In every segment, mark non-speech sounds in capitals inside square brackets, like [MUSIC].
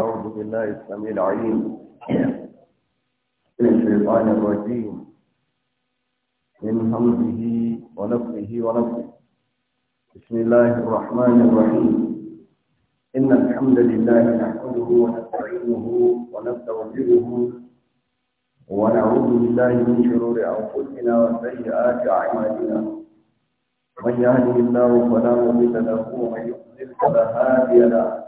أعوذ بالله السميع العليم من الشيطان الرجيم من همزه ونفسه ونفسه بسم الله الرحمن الرحيم إن الحمد لله نحمده ونستعينه ونستغفره ونعوذ بالله من شرور أنفسنا وسيئات أعمالنا من يهده الله فلا مضل له ومن يضلل فلا هادي له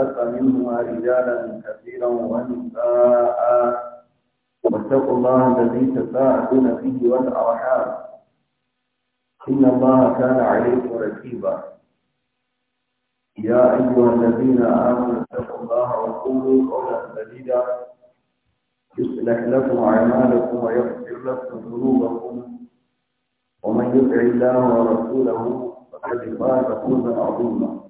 خلق منهما رجالا كثيرا ونساء واتقوا الله الذي تساءلون فيه والارحام ان الله كان عليكم رقيبا يا ايها الذين امنوا اتقوا الله وقولوا قولا سديدا يصلح لكم اعمالكم ويغفر لكم ذنوبكم ومن يطع الله ورسوله فقد فاز فوزا عظيما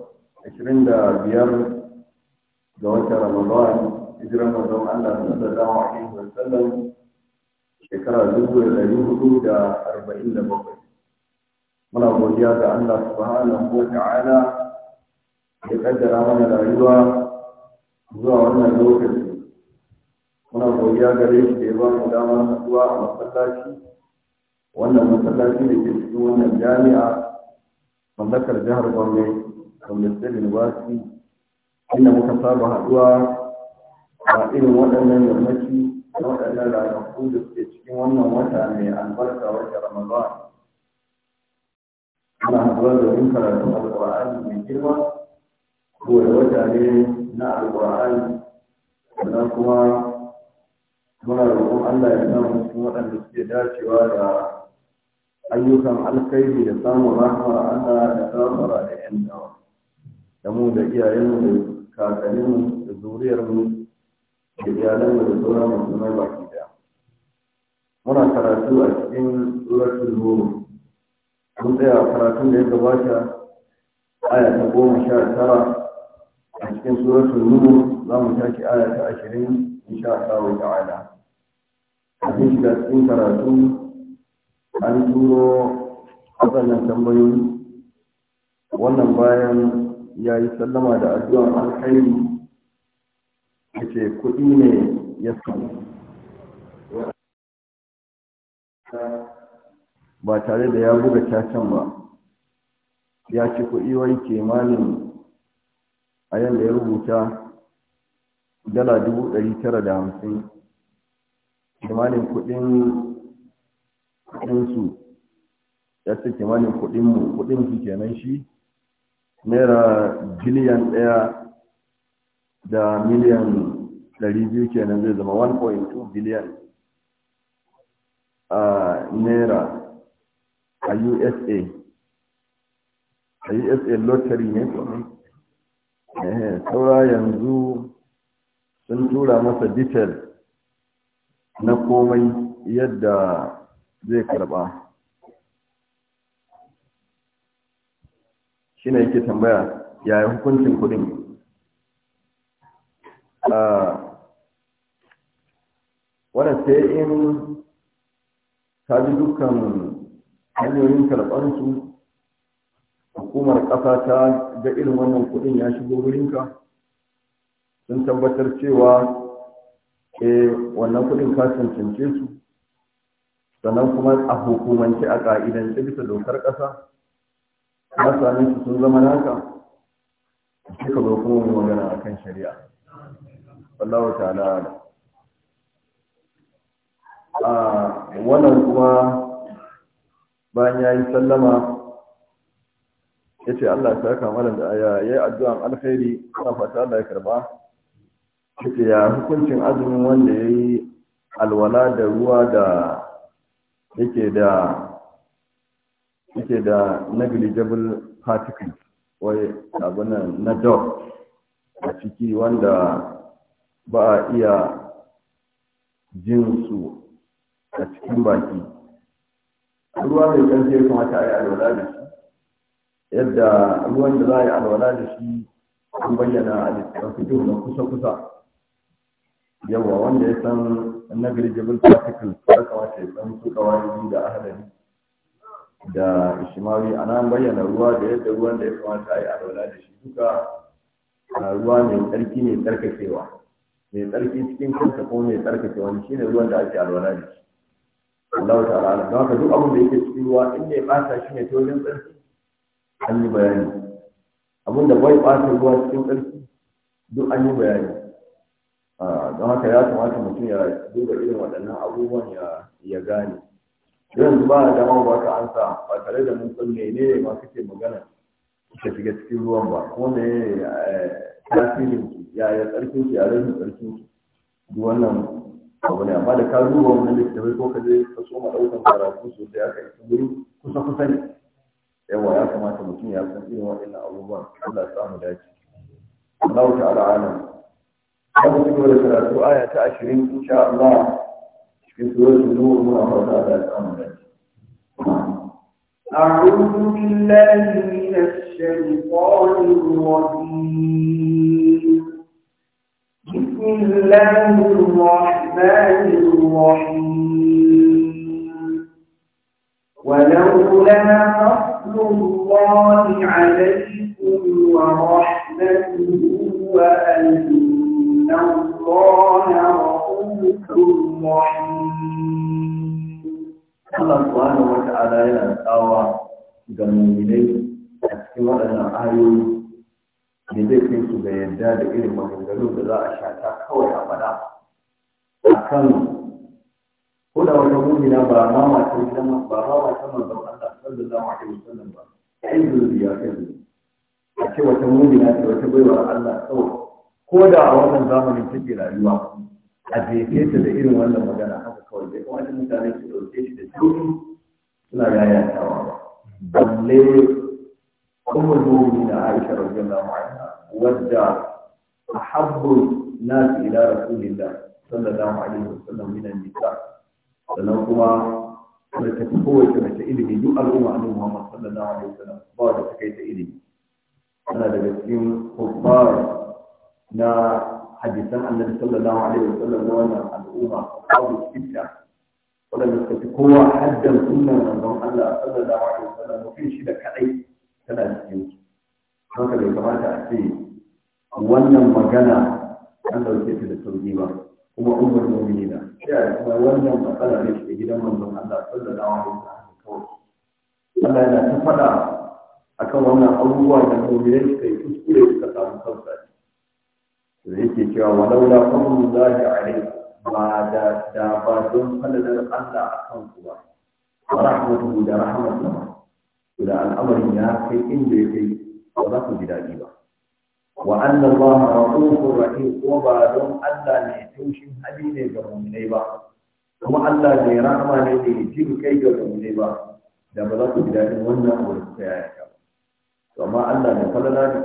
ashirin da biyar ga watan ramadan hijiran mazan allah sallallahu alaihi wa sallam shekara dubu da da arba'in da bakwai muna godiya ga allah subhanahu wa ta'ala ya kaddara mana rayuwa zuwa wannan lokaci muna godiya gare shi da ya ba mu damar haɗuwa a masallaci wannan masallaci da ke cikin wannan jami'a mallakar jihar gombe ba wasu inda muka saba haɗuwa a irin waɗannan yammaci da waɗannan ranaku da suke cikin wannan wata mai albarka wata ramadan ana haɗuwa yin karatu alƙur'ani mai girma ko da wata ne na alƙur'ani sannan kuma muna roƙon Allah ya samu cikin waɗanda suke dacewa da ayyukan alkhairi da samun rahama Allah da gafara da 'yan dawa. da mu da iyayenmu da kakanninmu da zuriyarmu da iyalanmu da sauran musulmai baki daya muna karatu a cikin suratul nur mun tsaya a karatun da ya gabata aya ta goma sha tara a cikin suratul nur za mu tashi aya ta ashirin insha Allah ta'ala cikin shiga cikin karatu an turo waɗannan tambayoyi wannan bayan ya yi sallama da addu'an alkhairi ya ce kuɗi ne ya samu ba tare da ya buga cacan ba ya ci kuɗi wai kimanin a yadda ya rubuta dala dubu ɗari tara da hamsin kimanin kuɗin su ya ce kimanin kuɗinmu kuɗin kenan shi naira biliyan ɗaya da miliyan ɗari biyu kenan zai zama 1.2 biliyan a naira a usa a usa lottery ne saura yanzu sun tura masa detail na komai yadda zai karba shine yake tambaya yaya hukuncin kudin ah, wadda sai in ta ji dukkan hanyoyin karɓarsu hukumar ƙasa ta ga irin wannan kuɗin ya shigo wurinka sun tabbatar cewa e wannan kuɗin ka cancance su sannan kuma a hukumance a ƙa'idance bisa dokar ƙasa na su sun zama naka sai ka zo kuma mai magana kan shari'a wallahu ta'ala a wannan kuma bayan ya yi sallama ya ce Allah ta kamala da aya ya yi addu'an alkhairi ana fata Allah ya karba ya ce ya hukuncin azumin wanda ya yi alwala da ruwa da yake da yake da negligible particles wai abinan na dot a ciki wanda ba a iya jin su a cikin baki ruwa mai kanke ya kamata a yi alwala da shi yadda ruwan da za a yi alwala da shi an bayyana a littattafin na kusa-kusa yawa wanda ya san negligible particles ya kamata ya san su kawai da ahalari da ishimari a nan bayyana ruwa da yadda ruwan da ya kamata a yi alwala da shi duka ruwa mai tsarki mai tsarkakewa mai tsarki cikin kanta ko mai tsarkakewa shi ne ruwan da ake alwala da shi Allah ta ala don haka duk abin da yake cikin ruwa in ne ɓata shi ne ta tsarki an yi bayani abin da bai ɓata ruwa cikin tsarki duk an yi bayani don haka ya kamata mutum ya duba irin waɗannan abubuwan ya gane yanzu ba da dama ba ka ansa ba tare da mun san ne ma kake magana kike shiga cikin ruwan ba ko ne eh, tasirin ki ya ya tsarkin ki ya rashin tsarkin ki duk wannan abu ne amma da ka duba wannan da kitabai ko ka je ka so ma daukan karatu sai aka isa wuri kusa kusa ne yawa ya kamata mutum ya san irin waɗannan abubuwan Allah ya samu dace Allah ta'ala alam. Abu cikin da karatu aya ta ashirin insha Allah أعوذ بالله من الشيطان الرجيم بسم الله الرحمن الرحيم ولولا فضل الله عليكم ورحمته وأن الله Allah subhanahu wa ta'ala yana tsawa ga mu'minai a cikin waɗannan ayoyi da zai kai su ga yadda da irin maganganun da za a shata kawai a faɗa a kan ko da wata mu'mina ba ma matan gidan ba ma matan manzon Allah sallallahu alaihi wasallam ba sai zuriya kai a ce wata mu'mina ce wata baiwar Allah tsawo. ko da a wannan zamanin take rayuwa a jefe ta da irin wannan magana haka kawai bai kamata mutane su ɗauke shi da shuru suna yayatawa ba balle kuma zuwa na aisha na anha wadda a ahabbu nas ila rasulillah sallallahu alaihi wasallam min minan nisa sannan kuma da ta kowace mace ilimi duk al'umma a annabi Muhammad sallallahu alaihi wasallam ba da ta kai ta ilimi ana daga cikin kubbar na hadisan annabi sallallahu alaihi wa sallam na wannan al'umma babu sitta wadanda suka fi kowa haddan sunnan manzon Allah sallallahu alaihi wa sallam mutum shi da kadai tana cikin su haka bai kamata a ce wannan magana an dauke ta da sauki ba kuma ummar mu'minina sai kuma wannan matsala ne shi gidan manzon Allah sallallahu alaihi wa sallam kawai Allah yana ta faɗa akan wannan abubuwa da mu'minai suka yi kuskure suka samu kansu to yake cewa walaula fadlullahi alayhi ba da da ba don falalar Allah akan ku ba wa rahmatuhu da rahmatullah to da al'amarin ya kai inda ya kai ba za ku ji daɗi ba wa anna Allah rahmatun rahim ko ba don Allah ne taushin hali ne ga mu'minai ba kuma Allah ne rahama ne da jin kai ga mu'minai ba da ba za ku ji daɗin wannan wurin ta yaya ba to amma Allah ne falala ne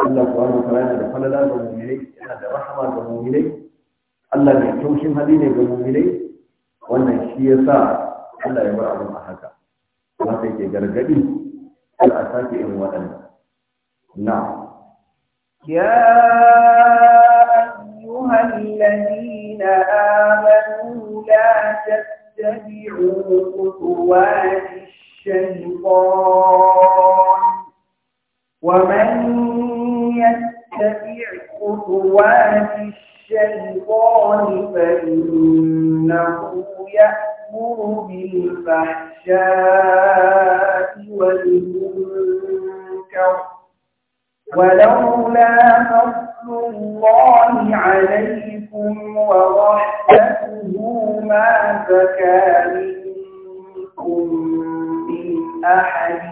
Allah subhanahu wa ta'ala da falala ga mu'minai yana da rahama ga mu'minai Allah mai taushin hali ne ga mu'minai wannan shi yasa Allah ya bar abin a haka wanda yake gargadi al asaki in waɗanda na يا أيها الذين آمنوا لا تتبعوا خطوات الشيطان ومن تتبع خطوات الشيطان فإنه يأمر بالفحشاء والمنكر ولولا فضل الله عليكم ورحمته ما زكى منكم من أحد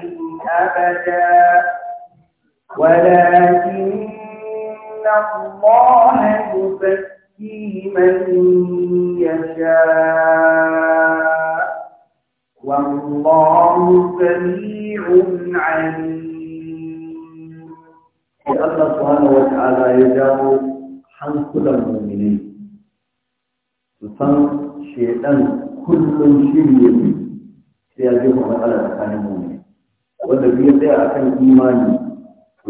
أبدا ولكن الله يفتي من يشاء والله سميع عليم الله سبحانه وتعالى يجاب عن كل المؤمنين وصن شيئا كل شيء يجب على المؤمنين والذي يدعي عن إيمانه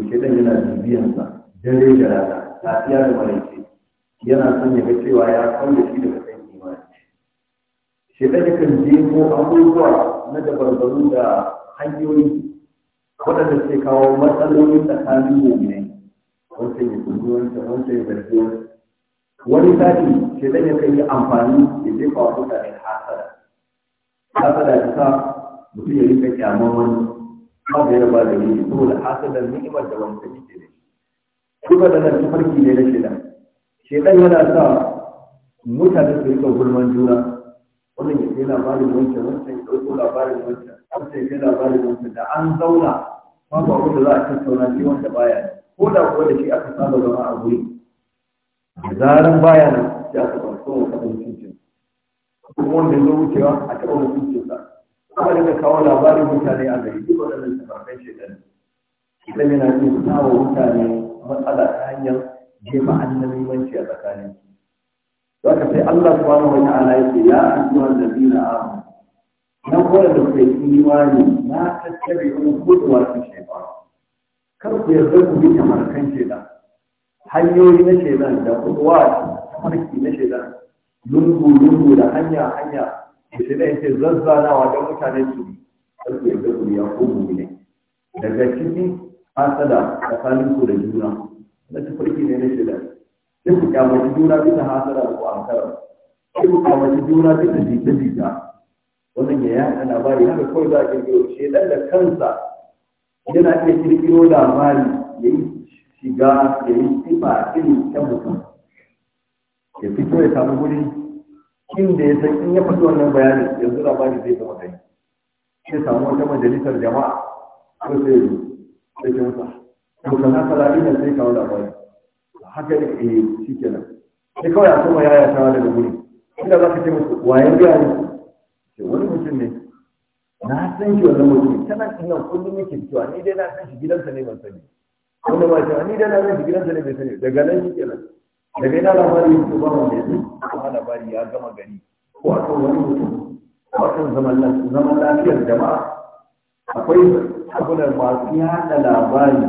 to dan yana dan dai da ta lafiya da maraice yana son ya ga cewa ya da shi daga kan imani ko yakan ko abubuwa na dabarbaru da hanyoyi waɗanda suke kawo matsaloli tsakanin mu'minai wancan ya kudu wancan wancan ya zargi wancan wani sati shedan ya kan yi amfani ya jefa wa mutane hasara hasara ta sa mutum ya rika kyaman wani ba da yana ba da yi to da hasalar ni'imar da wani take ke da shi duka da nan tafarki ne na shida shedan yana sa mutane su rika gulman juna wannan ya kai labarin wancan wancan ya ɗauko labarin wancan wancan ya kai labarin wancan da an zauna babu abin da za a tattauna sai wanda baya ne ko da kuwa da shi aka saba zama a guri da zaran baya nan sai aka ba so wa kaɗan cincin kuma wanda ya zo wucewa a taɓa mutuncin sa kuma daga kawo labarin mutane a gari duk waɗannan tabarkan shekaru idan yana jin kawo mutane matsala ta hanyar jefa annabimanci a tsakanin su ka sai Allah subhanahu wani ta'ala yake ya ayyuhan nabiyina amanu nan koyar da kuke imani na tattabi un gudwa ta shaytan kar ku yarda ku bi kamar kan shaytan hanyoyi na shaytan da gudwa tabarki na shaytan lungu lungu da hanya hanya ya ce zazzanawa don mutane su ɗauke da ya ko ne daga ciki hasada tsakanin ku da juna na farki ne na shida sai ku kyamaci juna bisa hasada ko ankara sai ku kyamaci juna bisa jita-jita wannan ya yaɗa labari haka kawai za a kirkiro shi ɗan da kansa yana iya kirkiro labari ya yi shiga ya yi tsifa irin ta mutum ya fito ya samu guri inda ya san in ya faɗi wannan bayanin yanzu bani zai zama kai sai samu wata majalisar jama'a ko sai zo sai ke masa to kan haka labari sai kawo labari haka ne eh shikenan sai kawai a kuma yaya ta daga guri inda za ka ce musu wayan biya ne ke wani mutum ne na san shi wannan mutum ta nan kullum yake cewa ni dai na san shi gidansa ne ban sani wanda ma cewa ni dai na san shi gidansa ne ban sani daga nan shikenan Da daga yana labari ko ba mu da kuma labari ya gama gari ko a wani mutum ko a kan zaman lafiyar jama'a akwai abunan masu yada labari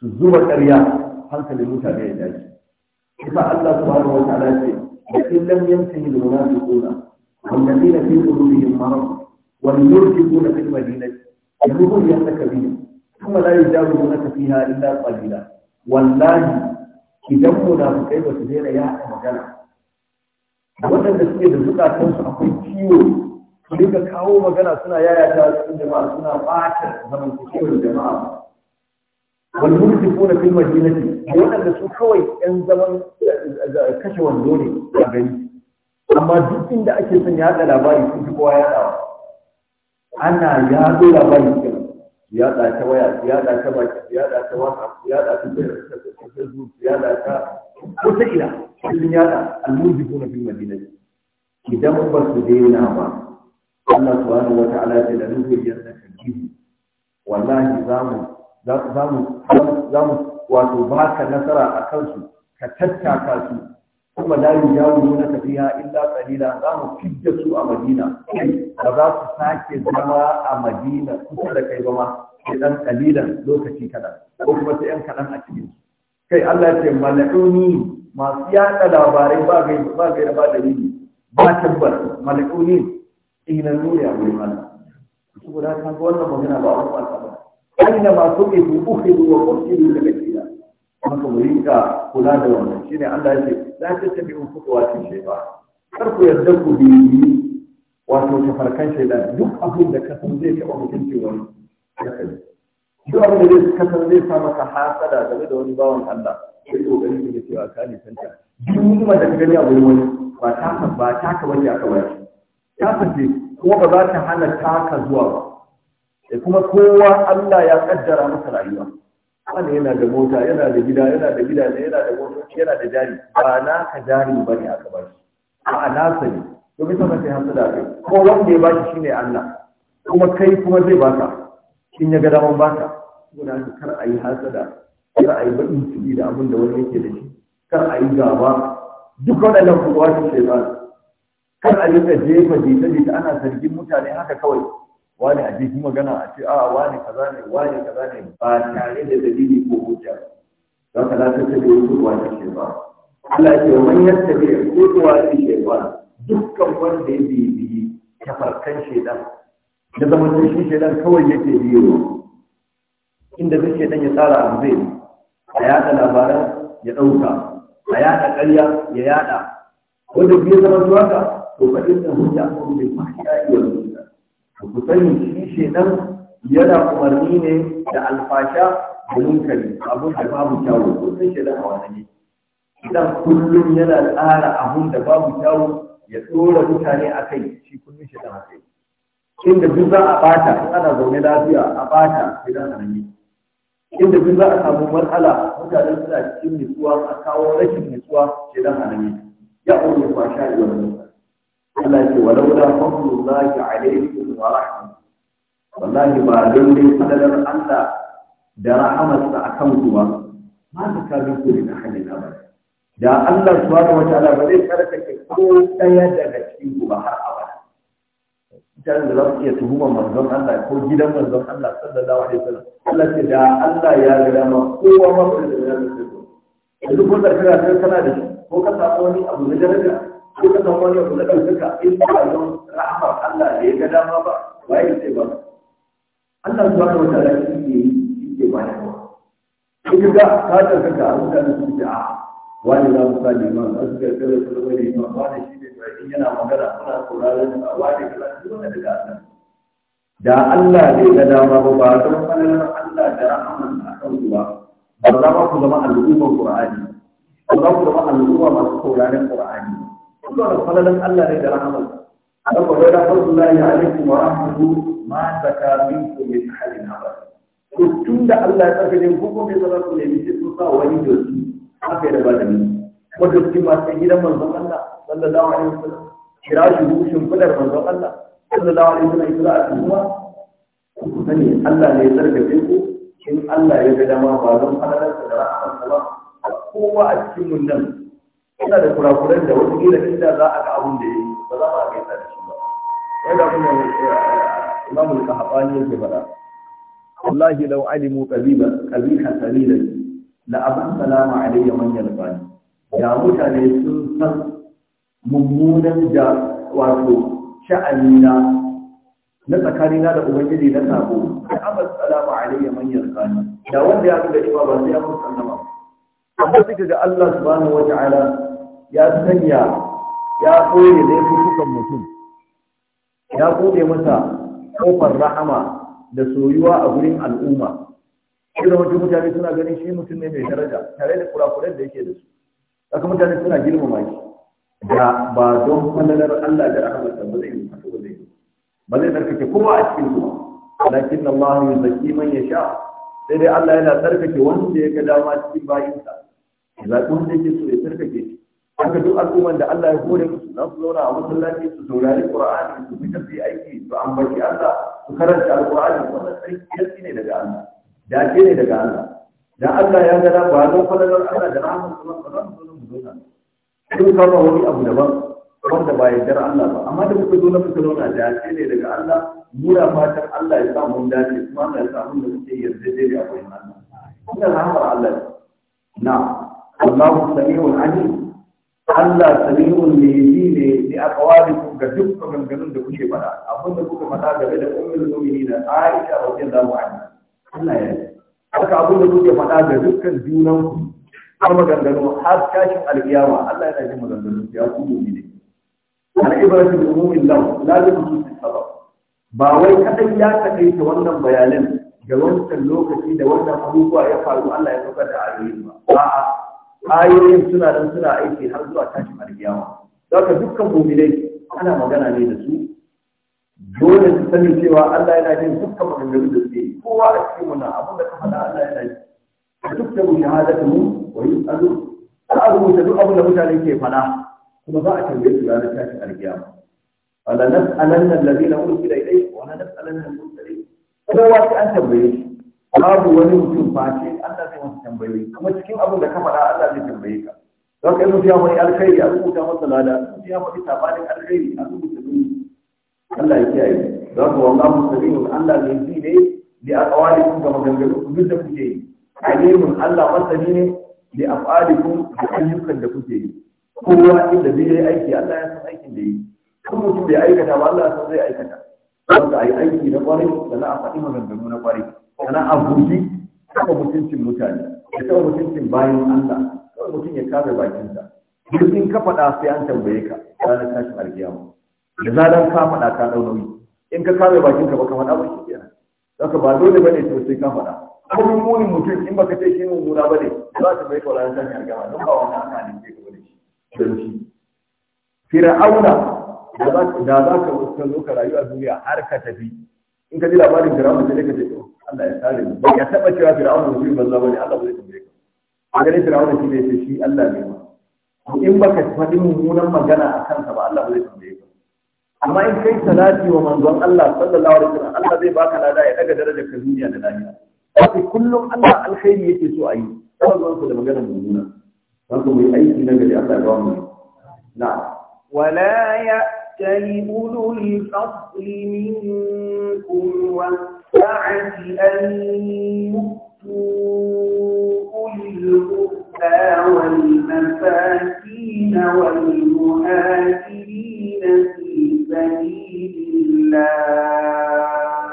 su zuba ƙarya hankalin mutane ya dace Kuma Allah subhanahu wa ta'ala ce da in lam yantahi lil munafiquna wal ladina fi qulubihim marad wal murjifuna fil madinati yadkhuluna yanaka bihim ثم لا يجاورونك فيها الا قليلا والله idan munafukai ba su daina ya haɗa magana waɗanda suke da zukatansu akwai ciwo su dinga kawo magana suna yaya cikin jama'a suna ɓata zamantakewar jama'a والمرتفون في المدينة وأن su kawai ‘yan zaman eh, kashe wando ne a gani, amma duk inda ake son yaɗa labari sun fi kowa Ana yaɗo labari ke yaɗa ta waya, yaɗa ta baki, yada ta whatsapp yada ta facebook yada ta wata ila kullum yada almujibuna fil madinati idan ba su daina ba Allah subhanahu wa ta'ala ya da nufin ya da kaji wallahi zamu za mu wato baka nasara a kansu ka tattaka su kuma la yujawu na tafiya illa qalila mu fidda su a Madina ba za su sake zama a Madina kusa da kai ba ma Idan dan kalilan lokaci kaɗan ko kuma sai yan kaɗan a cikin kai Allah ya ce mala'uni masu yaɗa labarai ba gai ba gai ba dalili ba tabbar mala'uni inanu ya mai mala saboda ka ga wannan magana ba wani wasa ba aina masu ibu ukhidu wa qutilu daga kira haka mu rinka kula da wannan shine Allah ya ce za tafi la tattabi'u khutuwatin shaytan kar ku yarda ku bi wato tafarkan shaidan, duk abin da ka san zai taɓa mutuncin wani duk abin da zai kasar zai sa maka hasada game da wani bawan Allah sai kokari ka ga cewa ka ne santa duk mutum da ka gani a wurin wani ba ta ka ba ta ka wani aka wani ta ka ce kuma ba za ta hana ta ka zuwa ba da e kuma kowa Allah ya kaddara masa rayuwa wani yana da mota yana da gida yana da gida yana da motoci yana da jari ba na ka jari ba ne aka ba shi a nasa ne domin sama sai hasada da kai ko wanda ya ba shi shine Allah kuma kai kuma zai baka kin ya ga daman ka guda ka kar a yi hasada kar a yi baɗin ciki da abin da wani yake da shi kar a yi gaba duk waɗannan kuwa su ce ba kar a yi gaje jefa jita jita ana zargin mutane haka kawai wani a jikin magana a ce a wani kaza ne wani kaza ne ba tare da dalili ko hujja za ka lafi ta ce da wasu kuwa su ce ba Allah ya ce wa man yattabi ko kuwa su ce ba dukkan wanda ya bibiyi tafarkan shaidan da zama shi shaidan kawai yake biyo inda duk shaidan ya tsara abu zai a yada labaran ya ɗauka a yada ƙarya ya yada wanda biyu zama zuwa ka to ba da hujja ko bai fahimta iya rubuta ku sani shi shaidan yana umarni ne da alfasha da munkari abun da babu kyawu ko sai shaidan a wani idan kullum yana tsara abun da babu kyawu ya tsora mutane a kai shi kullum shaidan a kai inda duk za a bata ana zaune lafiya a bata idan za a rage inda duk za a samu matsala mutane suna cikin nutsuwa a kawo rashin nutsuwa sai za a rage ya ƙone kwasha da wani Allah ce wa laula fadlullahi alaikum wa rahmatuhu wallahi ba don dai fadalar Allah da rahamarsa a kan ba ma ta kawo ku da hannun abada da Allah subhanahu wa ta'ala ba zai karkace ko ɗaya daga cikin ku ba har abu. mutane da za su iya tuhuma manzon Allah ko gidan manzon Allah sallallahu alaihi wasallam Allah ce da Allah ya ga dama kowa ma ba da ya ga sai duk wanda kana sai kana da ko ka samu wani abu na daraja ko ka samu wani abu na dauka in ba don rahama Allah da ya ga dama ba wai sai ba Allah subhanahu wa ta'ala shi ke ba da kowa in ka ka ta ka mutane su ji a wani za mu sa liman a su ga kare su da wani liman ba da shi sarki yana magana suna sauraron a wani kala duk wanda daga Allah da Allah bai ga dama ba ba don falalar Allah da rahman a kan ku ba ba za ma ku zama al'ummar Qur'ani ba za ku zama al'umma masu sauraron Qur'ani duk wanda falalar Allah ne da rahman Allah ko da rahmatullahi alaikum wa rahmatuhu ma zaka minkum min halin abada to tun da Allah ya tsarkake hukumin da za ku nemi sai sun sa wani dosi haka da ba da ni kuma dosi masu gidan manzon sallallahu alaihi wasallam kira shi rushin fadar manzon Allah sallallahu alaihi wasallam kira Kuma sani Allah ne ya tsarkake ku in Allah ya ga dama ba don halalarsa da ra'amarsa ba kowa a cikin mun nan yana da kurakuran da wani kila inda za a ga abun da ya yi ba za a gaisa da shi ba sai da kuma eh, imamul kahabani yake faɗa wallahi law alimu qabiba qabiha salilan la abun salama alayya man yalqani ya mutane sun san mummunan da wato sha'ani na na tsakanina da ubangiji na sabo sai amal salama alayya man yarkani da wanda ya ga cewa ba sai ya mun sallama amma sai ga Allah subhanahu ta'ala ya sanya ya koye da fukan mutum ya bude masa kofar rahama da soyuwa a gurin al'umma shi da mutum mutane suna ganin shi mutum ne mai daraja tare da kurakuren da yake da su saka mutane suna girmama shi da ba don falalar Allah da rahmatsa ba zai yi haka ba zai yi ba zai tsarkake kowa a cikin su lakin Allah ya zaki man ya sha sai dai Allah yana tsarkake wanda ya ga dama cikin bayinsa ya zaɓi wanda ke so ya tsarkake shi haka duk al'umman da Allah ya hore musu za su zauna a masallaci su saurari Qur'ani su fita su yi aiki su ambaci Allah su karanta Al-Qur'ani wannan tsarki ne daga Allah da dace ne daga Allah Da Allah ya gada ba don falalar Allah da rahmatsa ba zama mu zo mu sai kama wani abu daban wanda ba ya jar Allah ba amma da kuka zo na kuka zauna da ce ne daga Allah mura fatan Allah ya samu mun dace kuma Allah ya samu da kuke yarda dai da akwai Allah kuma rahmar Allah na Allahu samiul alim Allah samiul ne yi ne li aqwalikum ga duk maganganun da kuke faɗa abin da kuka faɗa game da ummul mu'minina Aisha radiyallahu anha Allah ya haka abin da kuke faɗa ga dukkan junanku har maganganu har tashin alƙiyama Allah yana jin maganganu ya ku gobe ne al'ibratu bi umumin law la bi khususi sabab ba wai kadai ya takaita wannan bayanin ga wancan lokaci da wannan abubuwa ya faru Allah ya saukar da ayoyin ba a'a ayoyin suna nan suna aiki har zuwa tashin alƙiyama ka dukkan mu'minai ana magana ne da su dole su sani cewa Allah yana jin dukkan maganganu da suke kowa a cikin wannan abin da ka faɗa Allah yana ji فتكتب شهادتهم ويسأل الأرض تدعو أبو نبوت عليك فلا ثم ضاعت البيت على كاش القيامة فلا نسألن الذين أرسل إليك ولا نسألن المرسلين kowa sai an tambaye shi babu wani mutum face Allah zai masa tambaye kuma cikin abin da ka fada Allah zai tambaye ka don kai mutum ya mai alkhairi a rubuta masa lada mutum ya mai alkhairi a rubuta duni Allah ya kiyaye don ka wallahu sabilu Allah zai ji ne da aqwalikum ga maganganun duk da kuke yi alimun Allah masani ne bi af'alikum da ayyukan da kuke yi kowa inda zai yi aiki Allah ya san aikin da yi kuma mutum bai aikata ba Allah san zai aikata wanda ayi aiki na kwarai sannan a faɗi maganganu na kwari Kana a buji kuma mutuncin mutane ya kama mutuncin bayin Allah kuma mutum ya kame bakinsa duk in ka faɗa sai an tambaye ka ranar tashin alkiyama da zaran ka faɗa ka ɗau nauyi in ka kame bakinka ba ka faɗa ba shi kenan saka ba dole bane to sai ka faɗa kuma muni mutum in baka ce shi mummuna ba ne za ta bai tsoron san yargama don ba wani ana ne ke gaba da shi don shi fir'auna da za ka ka zo ka rayu a duniya har ka tafi in ka ji labarin fir'auna sai ka ce to oh, Allah ya sare mu ba ya taba cewa fir'auna mutum banza ba ne Allah ba zai tambaye ka a ganin fir'auna shi ne shi Allah ne ma to in baka faɗi mummunan magana a kansa ba Allah ba zai tambaye ka amma in kai salati wa manzon Allah sallallahu alaihi wasallam Allah zai baka lada ya daga daraja ka duniya da lahira Haka kullum Allah alkhairi yake so a yi, kawai zuwan su da maganar mummuna. Haka mai aiki na gari Allah ya mu. Na. Wala ya tali ulu lifasli minkum wa sa'ati an yutu ulil والمساكين والمهاجرين في سبيل الله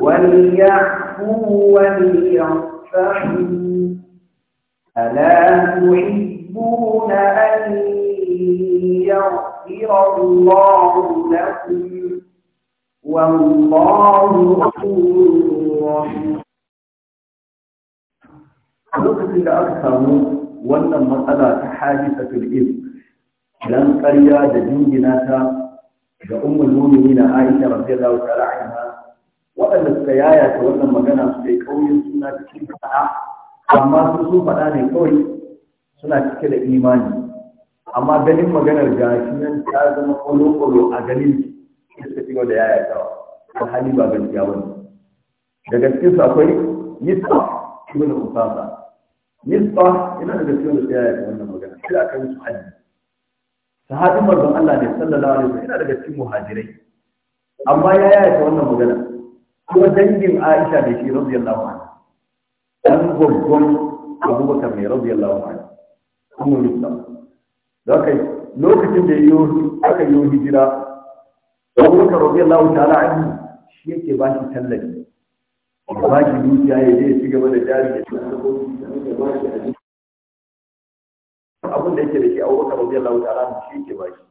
وليعفوا وليرفعوا ألا تحبون أن يغفر الله لكم والله غفور رحيم لقد إذا أكثر وأن المسألة تحادثة الإذن لن قريا دجنجناتا ga المؤمنين عائشة Aisha radiyallahu ta'ala anha waɗanda suka yayata wannan magana su kai ƙauyen suna cikin faɗa amma su su faɗa ne kawai suna cike da imani amma ganin maganar gashi nan ta zama kwalo-kwalo a ganin suka ci da yayatawa ko hali ba gaskiya ba ne Da cikin su akwai yisfa ibn usasa yisfa yana da cikin da suka yayata wannan magana sai yi su hajji sahabin marzan Allah ne sallallahu alaihi wasallam yana daga cikin muhajirai amma ya yayata wannan magana kuma dangin Aisha da shi radiyallahu anha dan gurgun Abubakar ne radiyallahu anhu kuma Yusuf da kai lokacin da yi aka yi hijira Abubakar radiyallahu ta'ala anhu shi yake ba shi tallafi ba shi dukiya ya je ci gaba da jari da shi abin da yake da shi Abubakar radiyallahu ta'ala anhu shi yake ba shi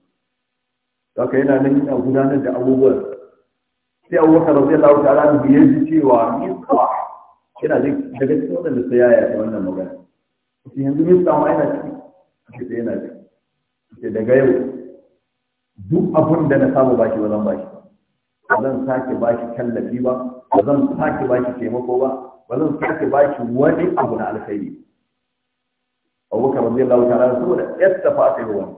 da yana nan yana gudanar da abubuwan sai abubakar radiyallahu ta'ala da biye shi cewa misbah yana daga cikin wadanda sai ya yaya wannan magana shi yanzu misbah ma yana ciki shi sai yana ciki sai daga yau duk abin da na samu bashi ba zan bashi ba zan sake bashi tallafi ba ba zan sake bashi taimako ba ba zan sake bashi wani abu na alkhairi abubakar radiyallahu ta'ala saboda yadda fa sai ruwan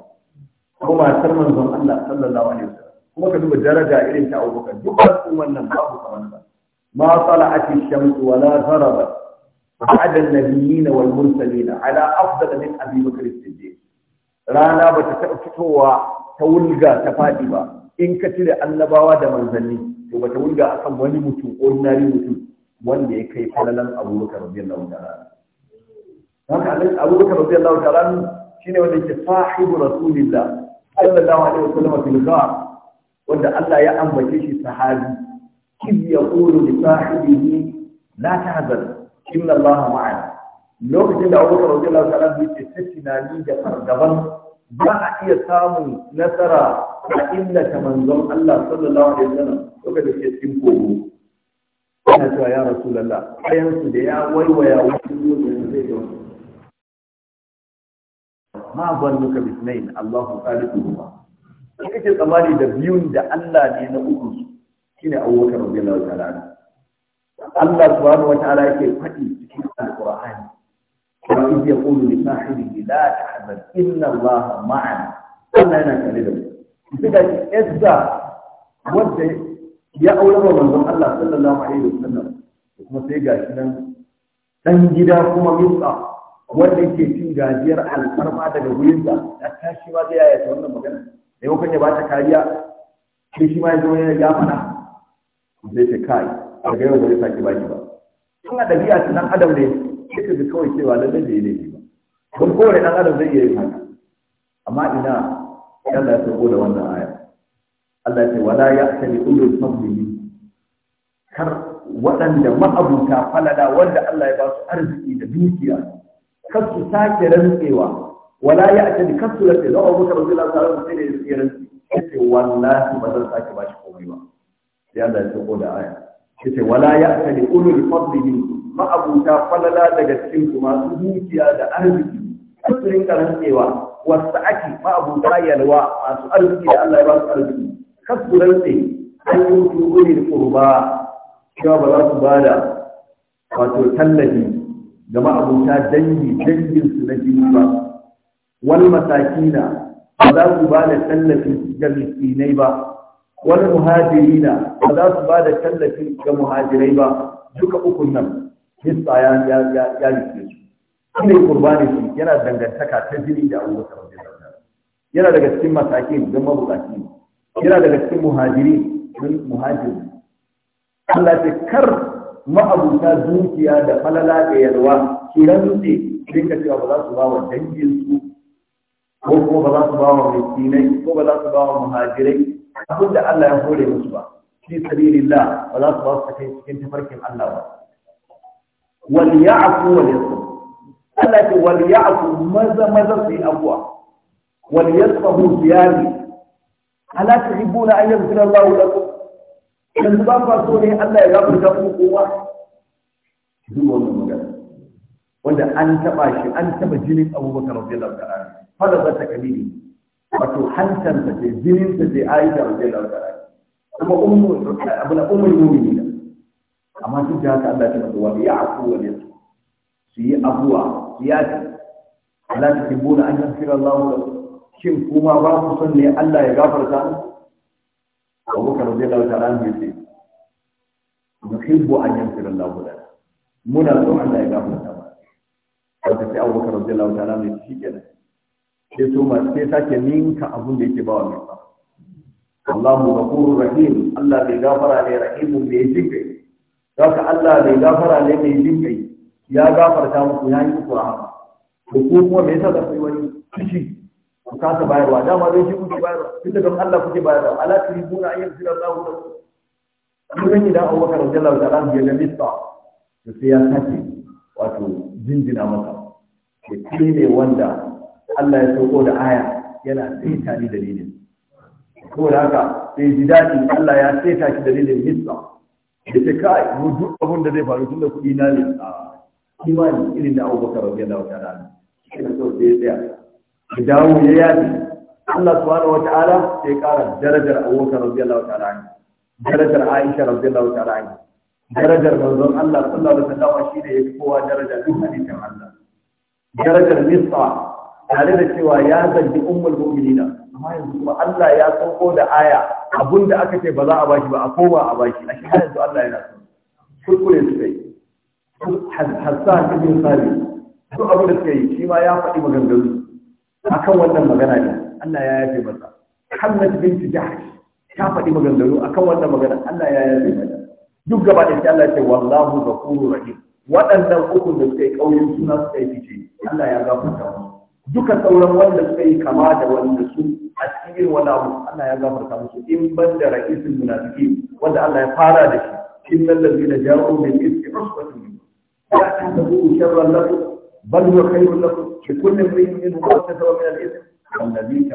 ko matar manzon Allah sallallahu alaihi wasallam kuma ka duba daraja irin ta abubakar duk wasu wannan babu kamar ba ma sala'ati shamsu wa la zaraba ba'da an-nabiyyin wal mursalin ala afdal min abi bakr as-siddiq rana ba ta fitowa ta wulga ta fadi ba in ka cire annabawa da manzanni to ba ta wulga akan wani mutum ordinary mutum wanda ya kai falalan abubakar radiyallahu ta'ala haka alai abubakar radiyallahu ta'ala shine wanda ke sahibu rasulillah sallallahu alaihi wasallam fil ghar wanda Allah ya ambace shi sahabi iz yaqulu li sahibihi la tahzan inna Allah ma'ana lokacin da Abubakar radiyallahu ta'ala ce ta tunani da fargaban za a iya samun nasara a illata manzon Allah sallallahu alaihi wasallam lokacin da ke cikin kogo yana cewa ya rasulullah Bayan su da ya waiwaya wani da zai da ga ma bannuka bisnain Allahu khaliquhuma in kake tsammani da biyun da Allah ne na uku shine Abubakar radiyallahu ta'ala anhu Allah subhanahu wataala yake faɗi cikin Al-Qur'ani wa idh yaqulu li sahibihi la tahzan inna Allaha ma'ana Allah yana tare da mu daga Ezra wanda ya aure wa manzon Allah sallallahu alaihi wasallam kuma sai gashi nan dan gida kuma Musa wanda yake cin gajiyar alfarma daga wurinsa ya tashi ma zai yaya ta wannan magana Yau ya ba ta kariya sai shi ma ya zo ya fana zai ce kai ga yau ba zai sake baki ba tun a ɗabi'a ta ɗan adam ne sai ka ga kawai cewa lallai da ya laifi ba don kowane ɗan adam zai iya yin haka amma ina Allah ya sauko da wannan aya Allah ya ce wala ya akali ulul fadli kar waɗanda ma'abuta falala wanda Allah ya ba su arziki da dukiya kar su sake rantsewa wala ya a cikin kasula ce a muka rasu da sa rasu sai da tsirin ce wallahi ba zan sake ba shi komai ba sai Allah ya sako da aya ce wala ya a cikin ulul fadli min ma'abuta falala daga cikin ku masu dukiya da arziki kasurin karancewa wasu ake ma'abuta yalwa masu arziki da Allah ya ba su arziki kasuran ce an yi ulul qurba cewa ba za su bada wato tallafi ga ma'abuta dangi dangin su na jini ba wal masakina ba za ku ba da tallafi ga miskinai ba wal muhajirina ba za su ba da tallafi ga muhajirai ba duka ukun nan hissa ya ya ya ya rike su shine qurbani shi yana dangantaka ta jini da Abu Bakar yana daga cikin masakin don mabukaci yana daga cikin muhajiri don muhajiri Allah ce kar ta zuciya da falala da yalwa ki rantse sai cewa ba za su ba wa dangin su ko ba za su ba wa miskinai ko ba za su ba wa muhajirai abin da Allah ya hore musu ba fi sabilillah ba za su ba su ta kai cikin tafarkin Allah ba wal ya'fu wal yasfu Allah ce wal ya'fu maza maza su yi abuwa wal yasfahu biyani ala tuhibbuna an yaghfira Allahu lakum yanzu ba ku so ne Allah ya gafarta muku kowa duk wannan magana wanda an taba shi an taba jinin Abubakar radiyallahu ta'ala falaza ta kalili wato hantarsa ce jininsa ce aisha radiyallahu ta'ala kuma abu ummu abuna ummul mu'minina amma su da haka Allah ya tabbata wani ya'fu wa yasu su yi abuwa su ta, ala tuhibbuna an yaghfira Allahu lakum shin kuma ba ku son ne Allah ya gafarta Abu Bakar radiyallahu ta'ala an yace nuhibbu an yaghfira Allahu lana muna son Allah ya gafarta ba. wata sai Abu Bakar radiyallahu ta'ala ne shi kenan sai so ma sai sake ninka abun da yake ba wa mai ba Allahu ghafurur rahim Allah bai gafara ne rahimun mai jinkai haka Allah bai gafara ne mai jinkai ya gafarta muku ya yi muku rahama to ko kuma me yasa da kai wani kishi ku kasa bayarwa dama dai shi kuke bayarwa tunda don Allah kuke bayarwa ala tribuna ayyuka sira Allahu lakum kuma gani da Abu Bakar radiyallahu ta'ala ya ga lista to sai ya sake wato jinjina masa ke ne wanda Allah ya sauko da aya yana saita ni dalilin ko da haka sai ji daɗi Allah ya saita ki dalilin hissa da ta kai mu duk abin da zai faru tun da kuɗi na ne a imani irin da Abubakar radiyallahu ta'ala ne shi ne so sai ya ki dawo ya yaji Allah subhanahu wa ta'ala sai ƙara darajar Abubakar radiyallahu ta'ala ne darajar Aisha radiyallahu ta'ala ne darajar manzon Allah sallallahu alaihi wasallam shine yake kowa daraja duk hadisin Allah darajar nisa. tare da cewa ya zargi ummul mu'minina amma yanzu kuma Allah ya sauko da aya abinda aka ce ba za a bashi ba a koma a bashi a shi yanzu Allah yana so kurkure su kai Hassan ibn Sabi su abu da suka yi shi ma ya faɗi maganganu akan wannan magana ne Allah ya yafe masa Hamad bin Jahsh ta faɗi maganganu akan wannan magana Allah ya yafe masa duk gaba da shi Allah ya ce wallahu ghafurur rahim waɗannan ukun da suka yi kauyen suna suka yi fice Allah ya gafarta musu duka sauran wanda suka yi kama da wanda su a cikin wani abu Allah ya gafarta musu in ban da ra'isul munafiki wanda Allah ya fara da shi innal ladina ja'u min ifki usbatun minkum la tahsabu ta lakum bal huwa khayrun lakum li kulli imrin minhum ma kasaba min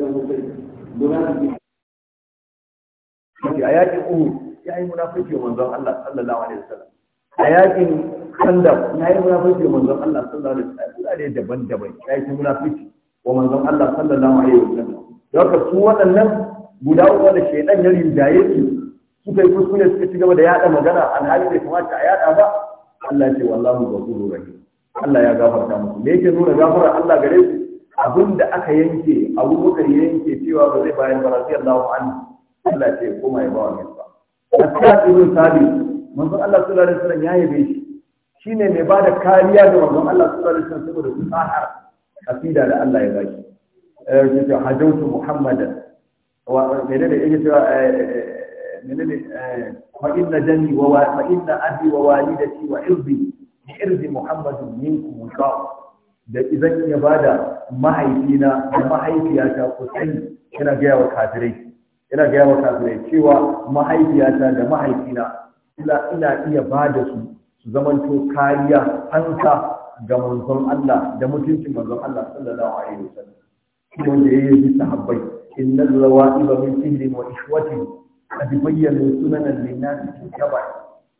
al-ithm a yakin ya yi munafurci manzon Allah sallallahu alaihi wasallam a yakin kandam ya yi munafurci manzon Allah sallallahu alaihi wasallam wurare daban-daban ya yi munafurci wa manzon Allah sallallahu alaihi wasallam don haka su waɗannan guda uku da shaidan ya rinjaye su suka yi kuskure suka ci gaba da yaɗa magana alhali bai kamata a yaɗa ba Allah ce wallahu ghafurur rahim Allah ya gafarta musu da yake nuna gafara Allah gare su abin da aka yanke abubakar ya yanke cewa ba zai bayan ba radiyallahu anhu Allah ce koma ya ba wa Asad ibn Sabi manzon Allah sallallahu alaihi wasallam ya yabe shi shine mai bada kariya ga manzon Allah sallallahu alaihi wasallam saboda fasahar kasida da Allah ya ba shi yace eh, hajjatu Muhammadan wa menene yake cewa eh, eh, menene fa inna janni wa fa inna abi wa walidati wa irzi bi irzi Muhammadin minkum wa da idan ya bada mahaifina da mahaifiyata ku sani kina ga yawa kafirai yana gaya wa kafirai cewa mahaifiyata da mahaifina ina iya ba da su su zamanto kariya hanka ga manzon Allah da mutuncin manzon Allah sallallahu alaihi wasallam wanda ya yi sahabbai innal rawa'iba min tihlin wa ishwatin qad bayyana sunanan lin-nasi fi kabar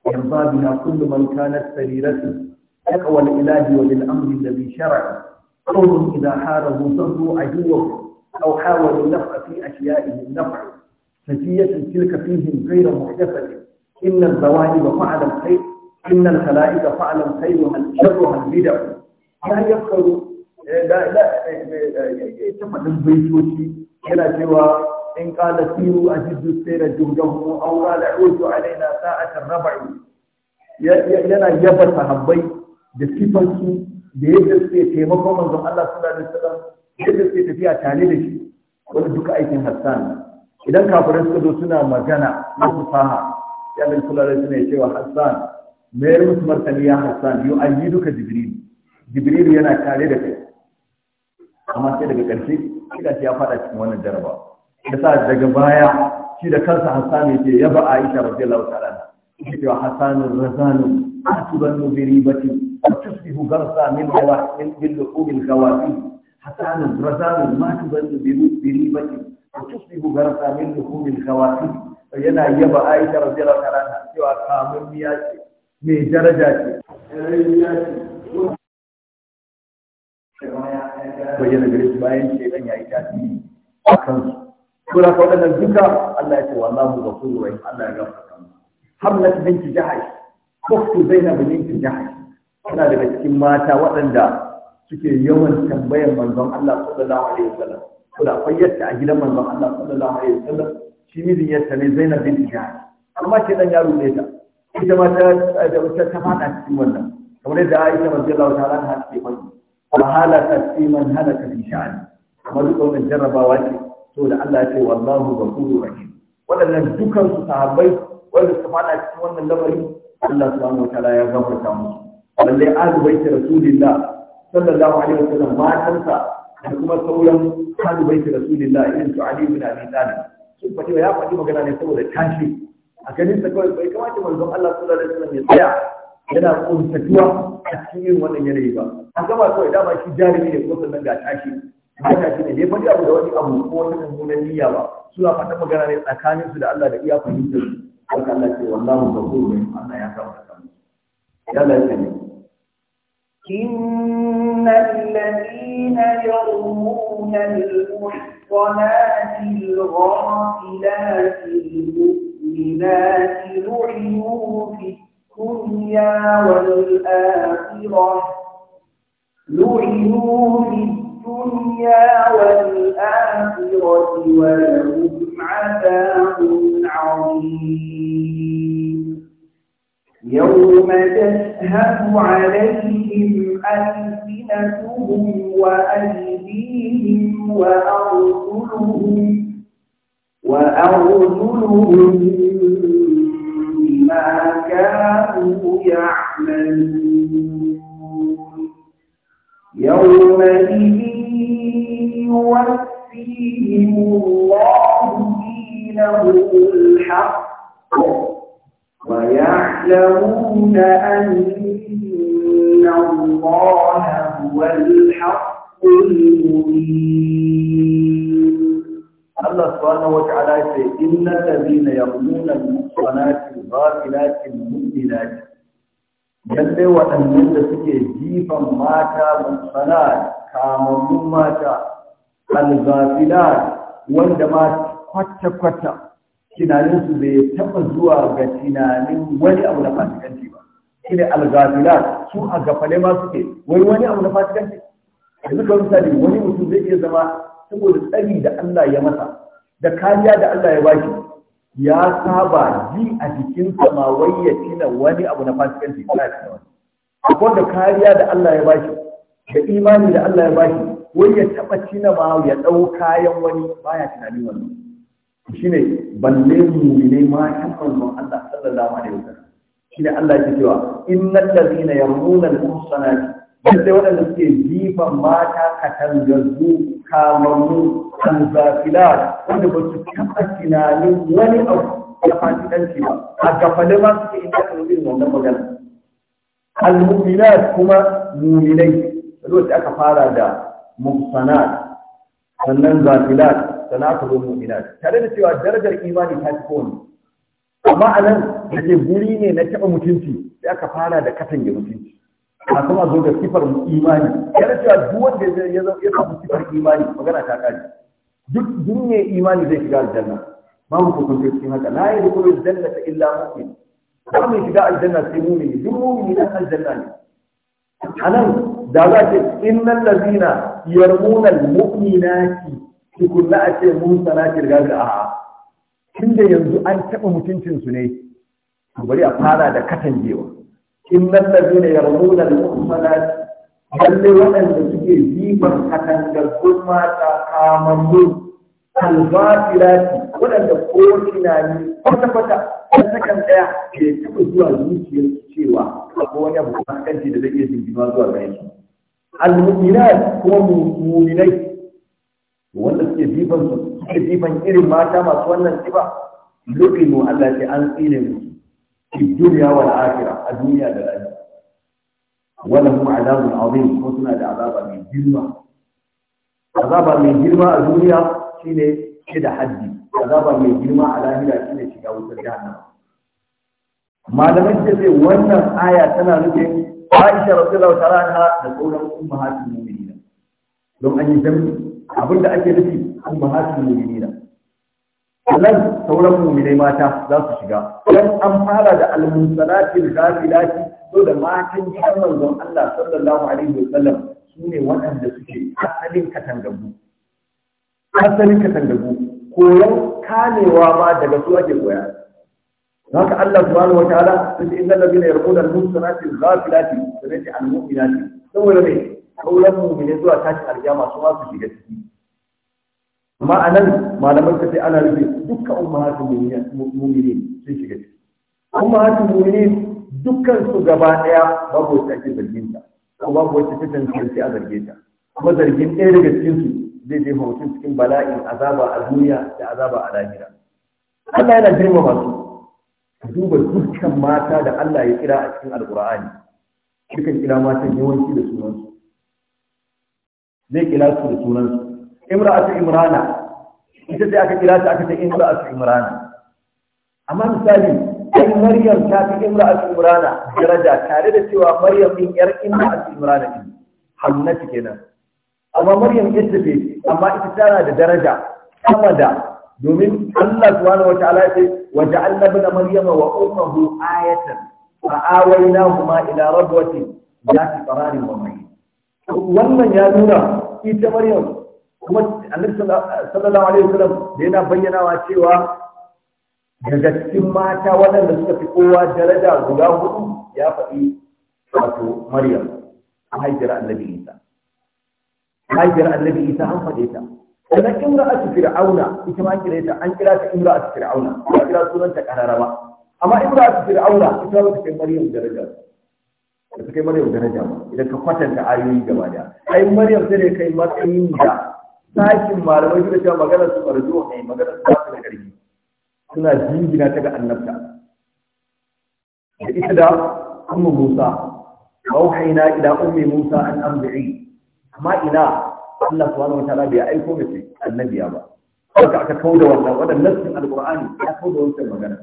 yanzu bina kullu man kanat sariratu تقوى العلاج وبالامر الذي شرع قوم اذا حاره صدوا عدوه او حاولوا النفع في اشيائه النفع نتيجة تلك فيهم غير محدثة إن الزواهب فعل الخير إن الخلائق فعل الخير هل شرها البدع لا يذكر لا لا تفعل البيتوتي إلى جوا إن قال سيروا أجدوا السير جهدهم أو قال عوزوا علينا ساعة الربع لنا yaba هبي da sifansu da yadda من الله صلى الله عليه وسلم wasallam yadda suke تعليل tare da shi wani duka idan kafirai suka zo suna magana na fasaha ya bin kularai suna cewa hassan mayar musu martani ya hassan yau an yi duka jibril jibril yana kare da kai amma sai daga ƙarshe shi ya fada cikin wannan jaraba ya sa daga baya shi da kansa hassan ya ce ya ba aisha radiyallahu ta'ala na ya ce wa hassan razanu atubannu bi ribati tusbihu garsa min min bin luqum gawa khawafi hassan razanu ma tubannu bi ribati وتصبح غرقا من لحوم الخواتيم yana yaba Aisha radiyallahu ta'ala anha kamun miya ce mai daraja ce bayyana gare su bayan shekan ya yi tasiri a Su sura ka waɗannan duka Allah ya ce wallahu ghafurur rahim Allah ya gafarta mu Hamlat binti Jahash Ukhtu Zainab binti Jahash tana daga cikin mata waɗanda suke yawan tambayar manzon Allah sallallahu alaihi wasallam ko da akwai yadda a gidan manzon Allah sallallahu alaihi wasallam shi mijin yadda ne Zainab bin Jahsh amma ce dan yaro ne ta ita ma ta ta ta fada cikin wannan kamar yadda Aisha radiyallahu ta'ala ta ce mai wa ta fi man halaka fi sha'ani kamar duk wannan jarrabawa ce to da Allah ya ce wallahu ghafurur rahim waɗannan dukan su sahabbai wanda suka fada cikin wannan lamari Allah subhanahu wataala ya gafarta musu balle ahlul baiti rasulillah sallallahu alaihi wasallam matansa da kuma sauran hadu da rasulillah irin su ali bin abi talib sun fadi ya fadi magana ne saboda tashi a ganin sa kawai bai kamata manzon Allah sallallahu alaihi wasallam ya tsaya yana kuntatuwa a cikin wannan yanayi ba an gaba kawai ba shi jarumi ne kuma sannan ga tashi ba shi ne ne fadi abu da wani abu ko wata mummunan niyya ba suna faɗa magana ne tsakaninsu da Allah da iya fahimtar su Allah ce wallahu ghafurur Allah ya kawo da ya lafiya ne إن الذين يرمون المحصنات الغافلات المؤمنات لعنوا في الدنيا والآخرة لعنوا في الدنيا والآخرة ولهم عذاب عظيم يوم تشهد عليهم ألسنتهم وأيديهم وأرجلهم وأرجلهم بما كانوا يعملون يومئذ يوفيهم الله دينه الحق ويعلمون أن الله هو الحق المبين الله سبحانه وتعالى يقول إن الذين يرمون المحصنات الغافلات المؤمنات جل وأن من ذلك جيفا مات محصنات كام مات الغافلات وعندما كتا كتا tunaninsu bai taɓa zuwa ga tunanin wani abu na fasikanci ba shi ne algafila su a gafale ma suke wai wani abu na fasikanci da suka misali wani mutum zai iya zama saboda tsari da Allah ya masa da kariya da Allah ya bashi ya saba ji a jikin ma wai ya tina wani abu na fasikanci ba shi wani akwai da kariya da Allah ya bashi da imani da Allah ya bashi wai ya taɓa tina ma ya ɗau kayan wani baya tunanin wani shine balle mu'mine ma yan manzon Allah sallallahu alaihi wasallam shine Allah yake cewa innal ladina yamuna al-muhsanati lalle waɗanda suke jifan mata katangazzu kan zafila wanda ba su taɓa tunanin wani abu ya fasikanci ba a gafale ma suke inda aka rubuta wannan magana al-mu'minat kuma mu'minai lokacin aka fara da muhsanat sannan zafilat sana ku zo mu'minat tare da cewa darajar imani ta fi kowanne amma a nan yake guri ne na taɓa mutunci sai aka fara da katange mutunci a kuma zo da sifar imani tare da cewa duk wanda ya zo ya samu sifar imani magana ta kare duk duk imani zai shiga aljanna babu hukunci cikin haka na yi da kuma yadkhulu aljannata illa mu'min ba mu shiga aljanna sai mu'mini duk mu'mini dan aljanna ne nan da za ce innal ladina yarmuna almu'minati tukunna a ce mun sana kirga ga a tunda yanzu an taɓa mutuncinsu ne to bari a fara da katangewa innal ladina yarmuna al-muhsanat lalle waɗanda suke ziban katangarkun mata kamammu alzafirati waɗanda ko tunani kwata-kwata ta sakan ɗaya ke taɓa zuwa zuciyar cewa ko wani abu kan da zai iya jinjima zuwa gare su al kuma mu'minai wanda suke jifan su suke jifan irin mata masu wannan kiba lukinu Allah ce an tsine mu. fi duniya wal akhirah a duniya da lafiya wala hum azabun azim ko suna da azaba mai girma azaba mai girma a duniya shine shida haddi azaba mai girma a lahira shine shiga wutar jahannama malamai suka ce wannan aya tana nufin Aisha radiyallahu ta'ala anha da sauran ummahatul mu'minin don an yi jami'i Abin da ake nufi an ummahatul mu'minina nan sauran mu'minai mata za su shiga dan an fara da al-munsalatil ghafilati to da matan gidan manzon Allah sallallahu alaihi wasallam sune waɗanda suke asalin katangabu asalin katangabu koyon kamewa ma daga su ake koya haka Allah subhanahu wa ta'ala sai innal ladina yarquna al ghafilati sai al-mu'minati saboda ne sauran mummune zuwa tashi aljama su ma shiga ciki amma a nan malaman ta sai ana rufe dukkan ummahatul mu'minin sun shiga ciki ummahatul mu'minin dukkan su gaba daya babu wacce ake zargin ta ko babu wacce ta tantance a zarge ta kuma zargin ɗaya daga cikin su zai je mutum cikin bala'in azaba a duniya da azaba a lahira Allah yana masu masu duba dukkan mata da Allah ya kira a cikin alkur'ani dukkan kira matan yawanci da sunansu zai kila su da sunansu imra'atu imrana ita sai aka kila ta aka ce imra'atu imrana amma misali ai maryam ta fi imra'atu imrana daraja tare da cewa maryam din yar imra'atu imrana din hannatu kenan amma maryam ita ce amma ita tana da daraja sama da domin Allah subhanahu wa ta'ala ya ce wa ja'alna ibna maryama wa ummuhu ayatan fa awaynahuma ila rabwatin ذات قرار ومعين wannan ya nuna ita maryam kuma annabi sallallahu alaihi wasallam da yana wa cewa daga cikin mata waɗanda suka fi kowa daraja guda hudu ya faɗi wato maryam a haifiyar annabi isa A haifiyar annabi isa an faɗe ta sannan imra'atu auna ita ma kira ta an kira ta imra'atu auna. ba kira sunanta amma ba amma imra'atu auna ita ba ta kai maryam daraja da su kai maryam daraja ba idan ka kwatanta ayoyi gaba daya ai maryam sai ne kai matsayin da sakin malamai suka cewa maganar su farjo ne maganar su ba su da ƙarfi suna jingina ta ga annabta da ita da ummu musa auhayna ila ummi musa an anbi'i amma ina Allah subhanahu wa ta'ala bai aiko mace annabiya ba haka aka kawo da wannan wannan nassin alqur'ani ya kawo da wannan magana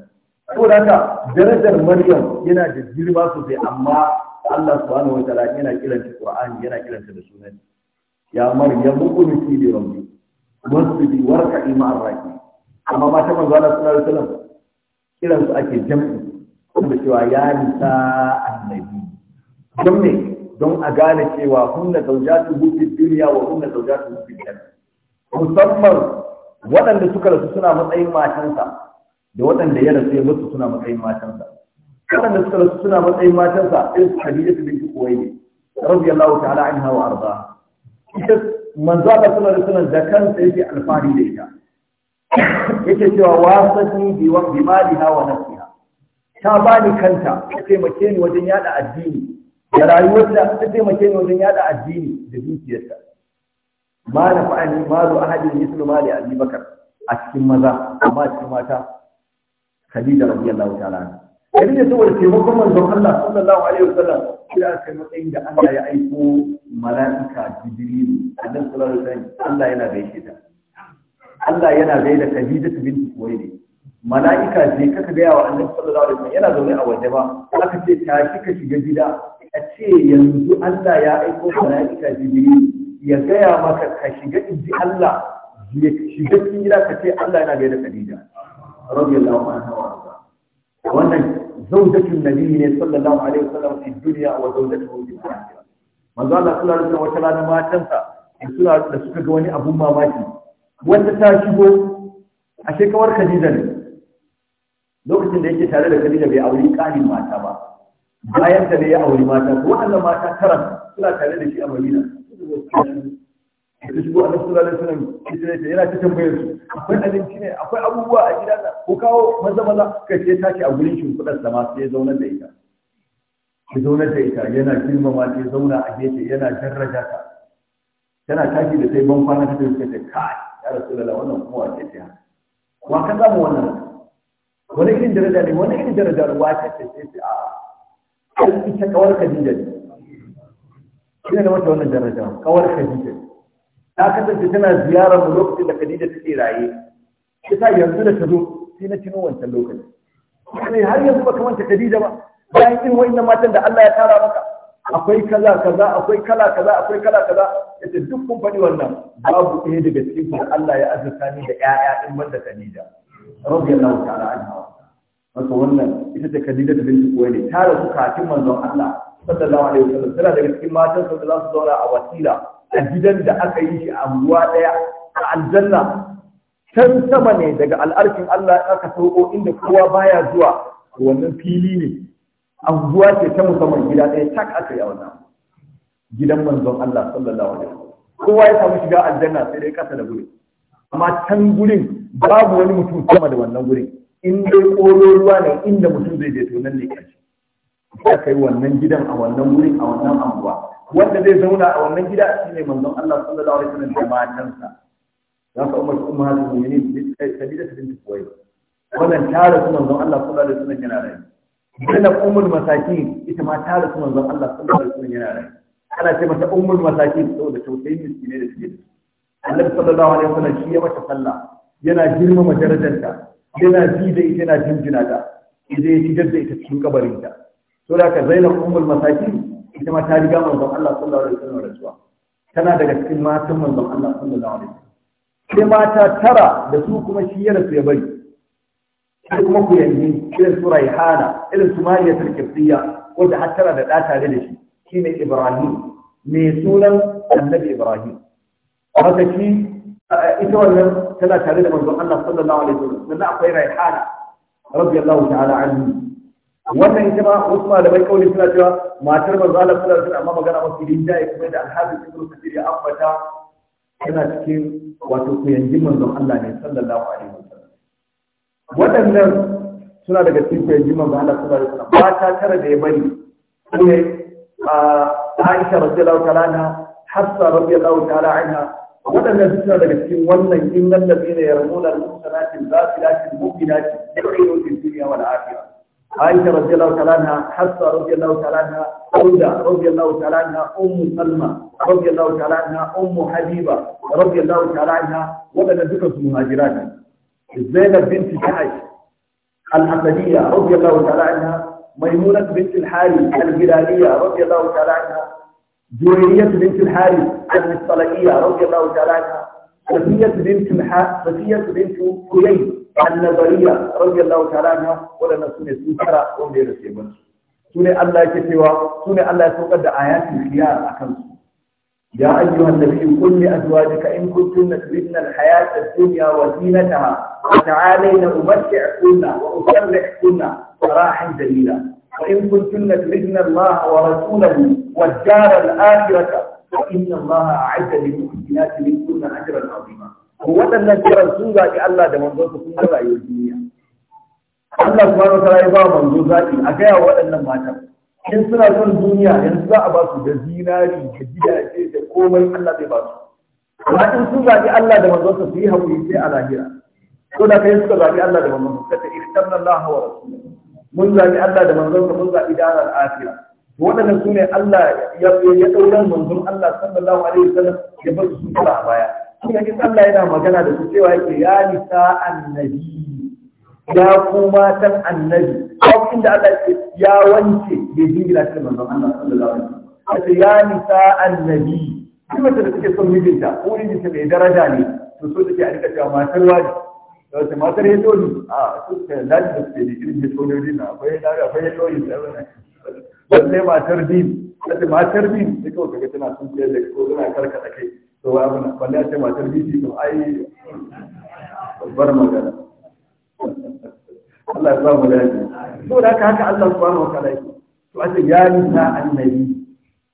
saboda haka darajar maryam yana da girma sosai amma Allah subhanahu wa ta'ala yana kiranta Qur'ani yana kiranta da sunan ya maryamu da li rabbi wasbi warka ma'ar raki amma ba ta manzo Allah sallallahu alaihi wasallam kiran su ake jam'i kuma cewa ya nisa annabi don me don a gane cewa hunna zawjatu fi dunya wa hunna zawjatu fi dunya musamman waɗanda suka rasu suna matsayin matansa da waɗanda ya rasu ya mutu suna matsayin matansa da suka rasu suna matsayin matarsa in su Khadija binti Khuwaylid radiyallahu ta'ala anha wa arda ita manzo Allah suna da suna da kansa yake alfahari da ita yake cewa wasani bi wa bi hawa wa nafsiha ta bani kanta ta taimake ni wajen yada addini da rayuwarta ta taimake ni wajen yada addini da dukiyarta ma na fa'ani malu ahadin ma da abubakar a cikin maza amma cikin mata khadija radiyallahu ta'ala anha yanzu da saboda taimakon manzon Allah sallallahu alaihi wasallam sai aka kai matsayin da Allah ya aiko mala'ika Jibrilu annabi sallallahu alaihi wasallam Allah yana gaishe ta Allah yana gaida Khadija binti Khuwaylid mala'ika je kaka gaya wa annabi sallallahu alaihi wasallam yana zaune a waje ba aka ce tashi ka shiga gida a ce yanzu Allah ya aiko mala'ika jibril ya gaya maka ka shiga inji Allah ya shiga cikin gida ka ce Allah yana gaida Khadija radiyallahu anha wa arda wannan زوجة النبي صلى الله عليه وسلم في الدنيا وزوجته في الآخرة manzo Allah sallallahu alaihi wasallam matansa suna da suka ga wani abun mamaki wanda ta shigo a shekawar Khadija ne lokacin da yake tare da Khadija bai auri ƙarin mata ba bayan da ne ya auri mata to waɗannan mata karan suna tare da shi a Madina da shigo annabi sallallahu alaihi wasallam kisa yana ta tambayar su akwai abinci ne akwai abubuwa a gidan nan ko kawo maza maza kai sai tashi a gurin shimfiɗar sa ma sai zaunar da ita ki zaunar da ita yana girmama ki zauna a gefe yana jarraja ta tana tashi da sai ban kwana ta suka ce kai ya rasulullahi wannan kuma wace ce wa ka samu wannan wani irin daraja ne wani irin daraja ruwa ce ce sai a ita kawar kadija ne ina da wata wannan daraja kawar kadija ne ta kasance tana ziyarar mu lokacin da Khadija take raye kisa yanzu da ta zo sai na tuno wancan lokaci sai har yanzu ba baka manta Khadija ba bayan irin wayannan matan da Allah ya tara maka akwai kaza kaza akwai kala kaza akwai kala kaza yace duk kun faɗi wannan babu ɗaya daga cikin da Allah ya azurta ni da ƴaƴa in banda Khadija radiyallahu ta'ala anha wato wannan ita ce Khadija binti Khuwailid ta rasu kafin manzon Allah sallallahu alaihi wasallam tana daga cikin matan da za su zauna a wasila a gidan da aka yi shi a ruwa ɗaya a aljanna can sama ne daga al'arkin Allah aka sauko inda kowa baya zuwa wannan fili ne anguwa ce ta musamman gida ɗaya ta aka yi a wannan gidan manzon Allah sallallahu alaihi wasallam kowa ya samu shiga aljanna sai dai kasa da gurin amma can gurin babu wani mutum sama da wannan gurin in dai ƙoro ruwa ne inda mutum zai je to nan ne kashi aka kai wannan gidan a wannan gurin a wannan anguwa wanda zai zauna a wannan gida shine manzon Allah sallallahu alaihi wasallam da matansa za ka umar umma hadu mu'minin sabida ta binti kuwai wannan tare su manzon Allah sallallahu alaihi wasallam yana rayu kana ummul masakin ita ma tare su manzon Allah sallallahu alaihi wasallam yana rayu ana ce mata ummul masakin saboda tausayin miskine da suke Annabi sallallahu alaihi wasallam shi ya mata sallah yana girmama darajarta yana ji da ita yana jinjina ta idan ya shigar da ita cikin kabarinta saboda ka zainab ummul masakin ita ma ta riga manzon Allah sallallahu alaihi wasallam rasuwa tana daga cikin matan manzon Allah sallallahu alaihi wasallam sai mata tara da su kuma shi ya rasu ya bari sai kuma ku yanzu irin su Raihana irin su Mariya Tarkifiyya wanda har tara da ɗa tare da shi shine Ibrahim mai sunan Annabi Ibrahim haka shi ita wannan tana tare da manzon Allah sallallahu alaihi wasallam sannan akwai Raihana radiyallahu ta'ala anhu wannan ita ma wasu malamai kawai suna cewa matar manzo Allah sallallahu suna, amma magana mafi ya kuma da alhaji ibnu kathir ya ambata yana cikin wato kuyanjin manzon Allah ne sallallahu alaihi wasallam waɗannan suna daga cikin kuyanjin manzon Allah sallallahu alaihi wasallam ta tara da ya bari ne a Aisha radiyallahu ta'ala anha Hafsa radiyallahu ta'ala anha waɗannan suna daga cikin wannan innal ladina yarmuna al da al-ghafilati al-mu'minati yau bid duniya wal akhirah عائشة رضي الله تعالى عنها حفصة رضي الله تعالى عنها سودة رضي الله تعالى عنها أم سلمة رضي الله تعالى عنها أم حبيبة رضي الله تعالى عنها ولد ذكر المهاجرات زينب بنت جحش الحمدية رضي الله تعالى عنها ميمونة بنت الحارث الهلالية رضي الله تعالى عنها جويرية بنت الحارث المصطلقية رضي الله تعالى عنها صفية بنت محا صفية بنت كلي النظرية رضي الله تعالى عنها ولنا سنة سنة ومن رسيبنا سنة الله كتوى سنة الله سوقد آيات الخيار أكمل يا أيها النبي قل لأزواجك إن كنتن تردن الحياة الدنيا وزينتها فتعالين أمتعكن وأسرحكن سراحا جميلا وإن كنتن تردن الله ورسوله والدار الآخرة وإن الله أعد للمؤمنات منكن أجرا عظيما وأن كرم سوزا الله ده منظور سوزا لا يوجد Allah subhanahu wa ta'ala ya ba manzo zaki a gaya waɗannan matan in suna son duniya yanzu za a ba su da zinari da gidaje da komai Allah zai ba su amma in sun zaɓi Allah da manzonsa su yi haƙuri sai a lahira ko da kai suka zaɓi Allah da manzonsa ta ikhtarna Allah wa rasulahu mun zaɓi Allah da manzonsa mun zaɓi daral akhirah waɗannan su ne Allah ya ya ɗauran manzon Allah sallallahu alaihi wasallam ya bar su kula a baya kuma in Allah yana magana da su cewa yake ya nisa annabi ya kuma matan annabi ko inda Allah ya ya wance bai jingina cikin manzon Allah sallallahu alaihi wasallam ya nisa annabi duk mace da suke son mijinta ko mijinta mai daraja ne to so take a rika cewa matar wani da wata matar ya toni a ah, su ta lati da su ke da irin ya toni na akwai lati akwai ya toni da wannan balle matar din kace matar din sai kawai kaga tana sun ce da ko tana karkata kai to wai na, balle a ce matar din shi to ai babbar magana Allah ya sa mu to da haka haka Allah subhanahu wa ta'ala to a ce ya nisa annabi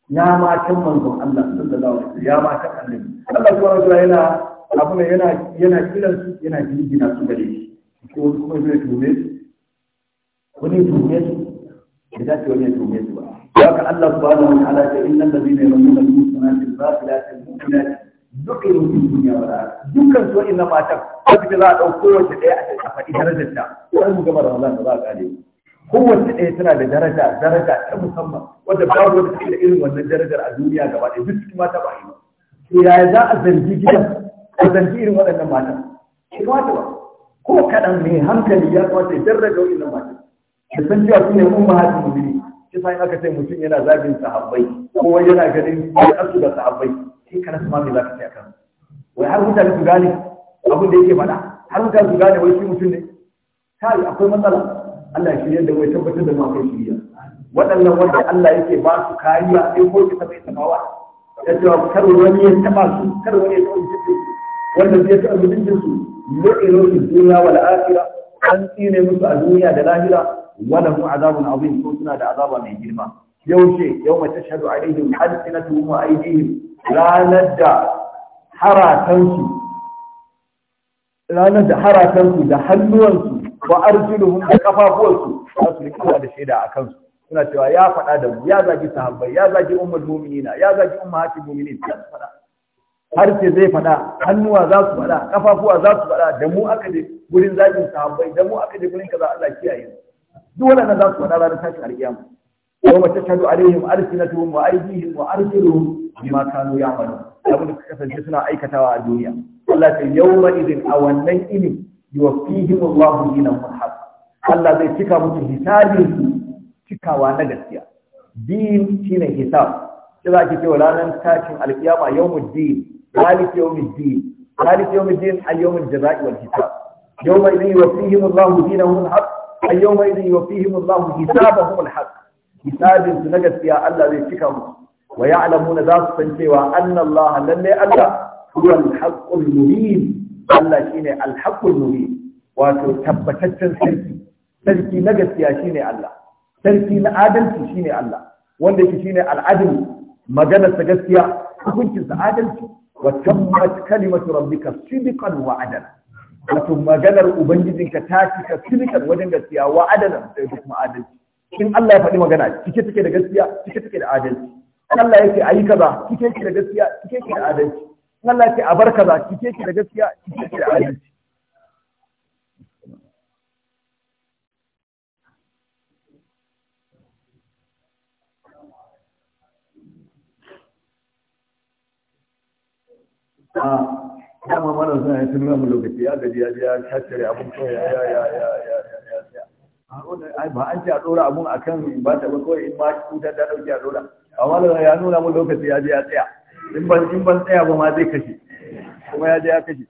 ya matan manzon Allah sallallahu alaihi ya matan annabi Allah subhanahu wa ta'ala yana abu ne yana yana kiran su yana jinjina su gare shi ko kuma zai tume wani tume su da za ta wani tome su ba haka Allah subhanahu wa ta'ala ta inna allazina yarmuna al-muslimati al-ghafilati al-mu'minati dukkan su duniya wala dukkan su inna matan wanda za a dauko wacce daya a faɗi darajar ta sai mu gama Ramadan da za a kare kowace ɗaya tana da daraja daraja ta musamman wanda babu wanda take da irin wannan darajar a duniya gaba ɗaya ba yaya za a zargi gidan a zargi irin waɗannan matan ba ko kaɗan mai hankali ya kamata ya da san cewa su ne ummahatul mu'minin shi sai aka ce mutum yana zagin sahabbai kowa yana ganin asu da sahabbai sai kana sama me zaka ce akan wai har mutane su gane abin da yake faɗa har mutane su gane wai shi mutum ne kai akwai matsala Allah ya shirya da wai tabbatar da mu akwai shirya waɗannan wanda Allah yake ba su kariya sai ko ki tabai tabawa ya ce kar wani ya taba su kar wani ya taba su wanda zai taba mutuncin su lo'iro su duniya wal akhirah an tsine musu a duniya da lahira wala hu azabun azim ko suna da azaba mai girma yaushe yawma tashhadu alaihim hadsinatuhum wa aydihim ranar da haratansu ranar da haratansu da hannuwansu wa arjuluhum da kafafuwansu za su rika da shaida a kansu suna cewa ya faɗa da mu ya zagi sahabbai ya zagi ummul mu'minina ya zagi ummatul mu'minin ya faɗa har ce zai faɗa hannuwa za su faɗa kafafuwa za su faɗa da mu aka je gurin zagin sahabbai da mu aka je gurin kaza Allah kiyaye duk waɗannan za su faɗa ranar tashin alƙiyama yau mace tashhadu alaihim alsinatuhum wa aydihim wa arjuluhum bima kanu ya'malun abin da suka kasance suna aikatawa a duniya Allah ta yawma idin a wannan ini yuwaffihim Allahu dinahum haq Allah zai cika musu hisabin cikawa na gaskiya din shine hisab sai za ki ce ranar tashin alƙiyama yawmuddin malik yawmuddin malik yawmuddin al-yawmul jazaa'i wal hisab yawma idin yuwaffihim Allahu dinahum haq ayyawma idin yufihim Allah hisabahum alhaq hisabin su na gaskiya Allah zai cika mu wa ya'lamuna za su san cewa anna Allah lalle Allah huwa alhaqqul mubin Allah shine alhaqqul mubin wato tabbataccen sarki sarki na gaskiya shine Allah sarki na adalci shine Allah wanda shi shine al'adil maganar sa gaskiya hukuncin sa adalci wa tammat kalimatu rabbika sidqan wa adala wato maganar ubangijinka ta cika silikan wajen gaskiya wa adalan da kuma adalci in Allah ya faɗi magana cike take da gaskiya cike take da adalci in Allah ya ce ayi kaza cike take da gaskiya cike take da adalci in Allah ya ce a bar kaza cike take da gaskiya cike take da adalci Ah kama mana suna yin sunan mu lokaci ya gaji ya ya tattare abun kawai ya ya ya ya ya ya ba an ce a dora abun akan ba ta ba kawai in ma cutar ta dauki a dora amma da ya nuna mu lokaci ya ji ya tsaya in ban in ban tsaya ba ma zai kashe kuma ya je ya kashe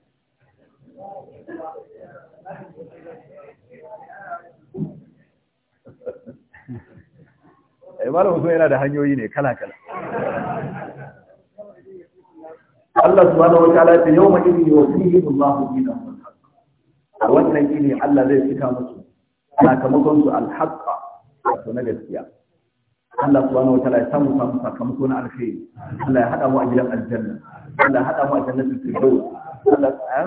ai [LAUGHS] eh, malam so yana da hanyoyi ne kala kala Allah subhanahu wa ta'ala ta yawma idin yusihi Allahu dinahum a wannan shine Allah zai cika musu sakamakon su alhaqqa wato na gaskiya Allah subhanahu wa ta'ala ya samu samu sakamako na alkhairi Allah ya hada mu a gidan aljanna Allah ya hada mu a jannatul firdaus Allah ya eh?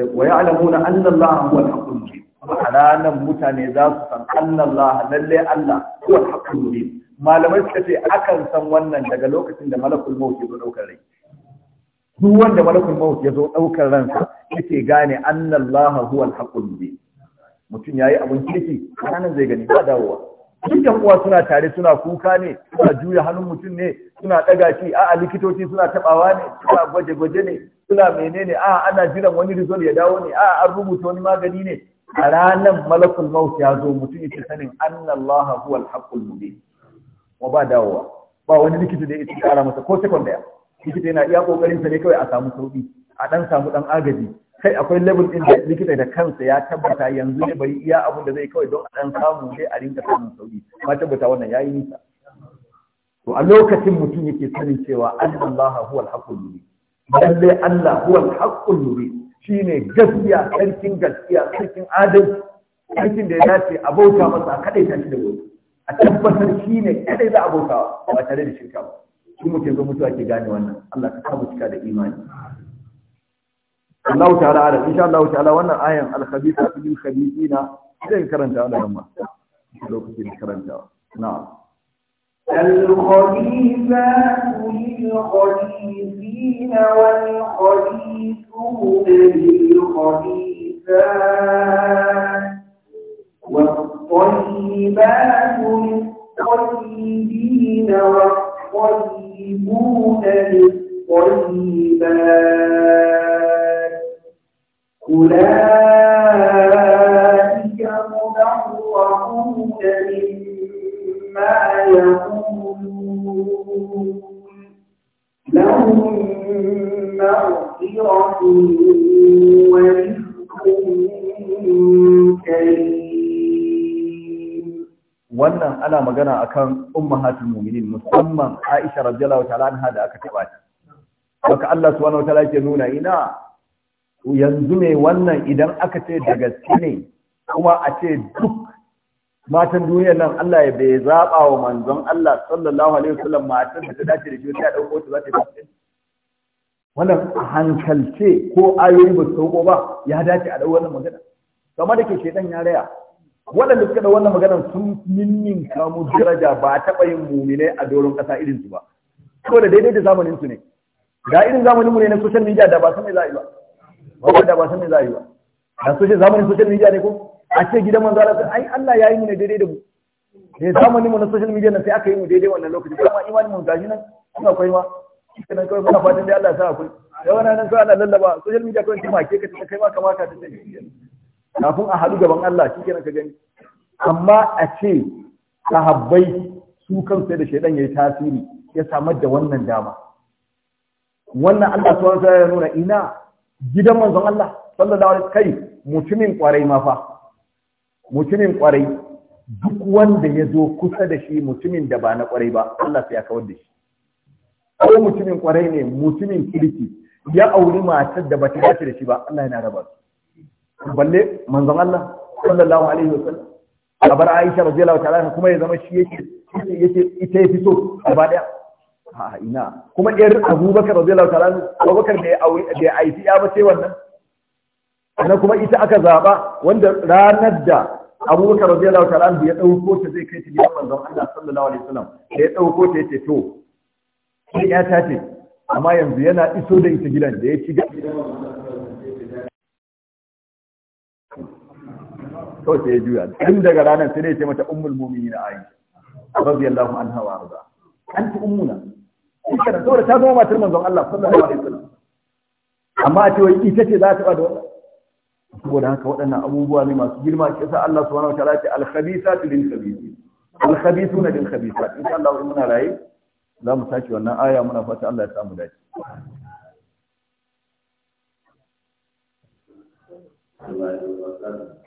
eh, wa ya'lamuna anna Allah huwa al-haqqul mubin halalan mutane za su san anna Allah lalle Allah huwa al-haqqul mubin malamai suka ce akan san wannan daga lokacin da malakul maut ya zo daukar rai duk wanda malakul maut ya zo daukar ransa yake gane annallaha huwal haqqul mubin mutum yayi abun kirki kana zai gani ba dawowa duk da kuwa suna tare suna kuka ne suna juya hannun mutum ne suna daga shi a'a likitoci suna tabawa ne suna gwaje-gwaje ne suna menene a'a ana jiran wani result ya dawo ne a'a an rubuta wani magani ne a ranan malakul maut ya zo mutum yake sanin annallaha huwal haqqul mubin wa ba dawowa ba wani likita da yake kara masa ko second daya likita yana iya kokarin sa ne kawai a samu sauki a dan samu dan agaji kai akwai level din da likita da kansa ya tabbata yanzu ne bari iya abun da zai kawai don a dan samu sai a rinka samun sauki Ba tabbata wannan yayi nisa to a lokacin mutum yake sanin cewa Allah huwal haqqul mubin lalle Allah huwal haqqul mubin shine gaskiya sarkin gaskiya sarkin adalci sarkin da ya dace a bauta masa a kadai tashi da gobe a tabbatar shine kadai za a bauta ba tare da shirka ba in mutum zo mutuwa ke gane wannan Allah ka samu cika da imani Allah ta'ala ala insha Allah ta'ala wannan ayan al-khabitha bil khabithina sai karanta Allah amma lokacin karantawa na'am الخبيثات للخبيثين والخبيثون للخبيثات والطيبات للطيبين والطيبين والطيبون للطيبات أولئك مبرعون مما يقولون لهم مغفرة ورزق كريم wannan ana magana akan ummahatul mu'minin musamman Aisha radiyallahu ta'ala anha da aka taba ta haka Allah subhanahu ta'ala yake nuna ina yanzu ne wannan idan aka ce da gaske ne kuma a ce duk matan duniyar nan Allah ya bai zaba wa manzon Allah sallallahu alaihi wasallam matan da ta dace da shi ta dauko ta za ta yi wannan hankalce ko ayoyi ba su ba ya dace a dau wannan magana kamar da ke shedan ya raya waɗanda suka da wannan magana sun ninnin kamu daraja ba a taɓa yin mumine a doron ƙasa irin su ba da daidai da zamanin su ne da irin zamanin mu ne na social media da ba san mai za yi ba ba da ba san mai za yi ba Dan social zamanin social media ne ko a ce gidan manzo Allah ai Allah ya yi mu ne daidai da mu ne eh, zamanin mu na social media na sai aka yi mu daidai wannan lokaci kuma imanin mu gashi nan suna akwai ma kana kawai muna fatan dai Allah ya sa akwai da wannan nan sai Allah lallaba social media kawai ta ke ka ta kai ma kamata ta ce kafin a haɗu gaban Allah shi kenan ka gani amma a ce sahabbai su kansu da shaidan ya yi tasiri ya samar da wannan dama wannan Allah su wani ya nuna ina gidan manzon Allah sallallahu alaihi kai mutumin kwarai ma fa mutumin kwarai duk wanda ya zo kusa da shi mutumin da ba na kwarai ba Allah sai ya kawar da shi ko mutumin kwarai ne mutumin kirki ya auri matar da bata dace da shi ba Allah yana raba su balle manzon Allah sallallahu alaihi wasallam a bar Aisha radiyallahu ta'ala kuma ya zama shi yake yake ita yafi so gaba daya a ina kuma ɗiyar Abubakar radiyallahu ta'ala Abubakar da bai aiki ya ba sai wannan ana kuma ita aka zaba wanda ranar da Abubakar radiyallahu ta'ala ya dauko ta zai kai ta gidan manzon Allah sallallahu alaihi wasallam da ya dauko ta yace to sai ya tace amma yanzu yana iso da ita gidan da ya ci gidan kawai sai ya juya tun daga ranar sai ya ce mata ummul mu'minin aisha radiyallahu anha wa arda anti ummuna shikenan saboda ta zama matar manzon Allah sallallahu alaihi wasallam amma a ce wai ita ce za ta ba da wannan saboda haka waɗannan abubuwa ne masu girma shi yasa Allah subhanahu wa ya ce al-khabisatu lil Khabisi. al-khabisuna lil khabisat insha Allah in muna raye za mu tashi wannan aya muna fata Allah ya samu dace Allah ya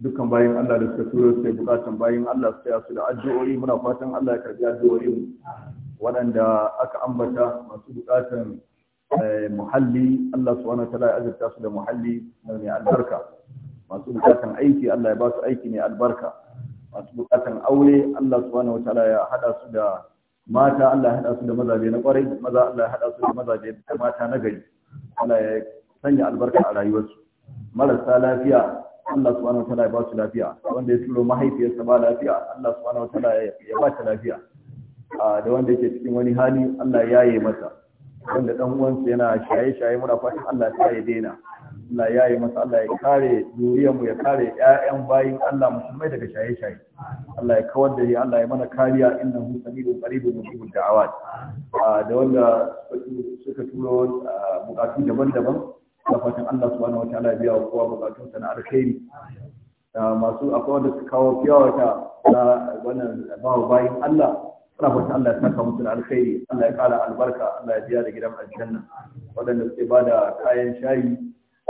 dukkan bayan Allah da suka turo su bukatan bayan Allah su su da addu'o'i muna fatan Allah ya karbi addu'o'i mu waɗanda aka ambata masu bukatan eh, muhalli Allah subhanahu wa ta'ala ya azurta su da muhalli mai albarka masu bukatan aiki Allah ya ba su aiki mai albarka masu bukatan aure Allah subhanahu wa ta'ala ya hada su da mata Allah ya hada su da mazaje na kwarai maza Allah ya hada su da mazaje da mata na gari Allah ya sanya albarka a rayuwarsu marasa lafiya Allah subhanahu wataala ya ba su lafiya wanda ya turo mahaifiyarsa ba lafiya Allah subhanahu wataala ya ba ta lafiya da wanda yake cikin wani hali Allah ya yi masa wanda dan uwansa yana shaye-shaye muna fatan Allah ya ya daina Allah ya yi masa Allah ya kare zuriyar mu ya kare ƴaƴan bayin Allah musulmai daga shaye-shaye Allah ya kawar da shi Allah ya mana kariya innahu samidun qaribun da da'awat da wanda suka turo bukatu daban-daban da Allah subhanahu wataala ya biya wa kowa bukatun sa na alkhairi masu akwai wanda suka kawo fiyawata na wannan bawa bayin Allah suna fatan Allah ya saka musu da alkhairi Allah ya kara albarka Allah ya biya da gidan aljanna waɗanda suke ba da kayan shayi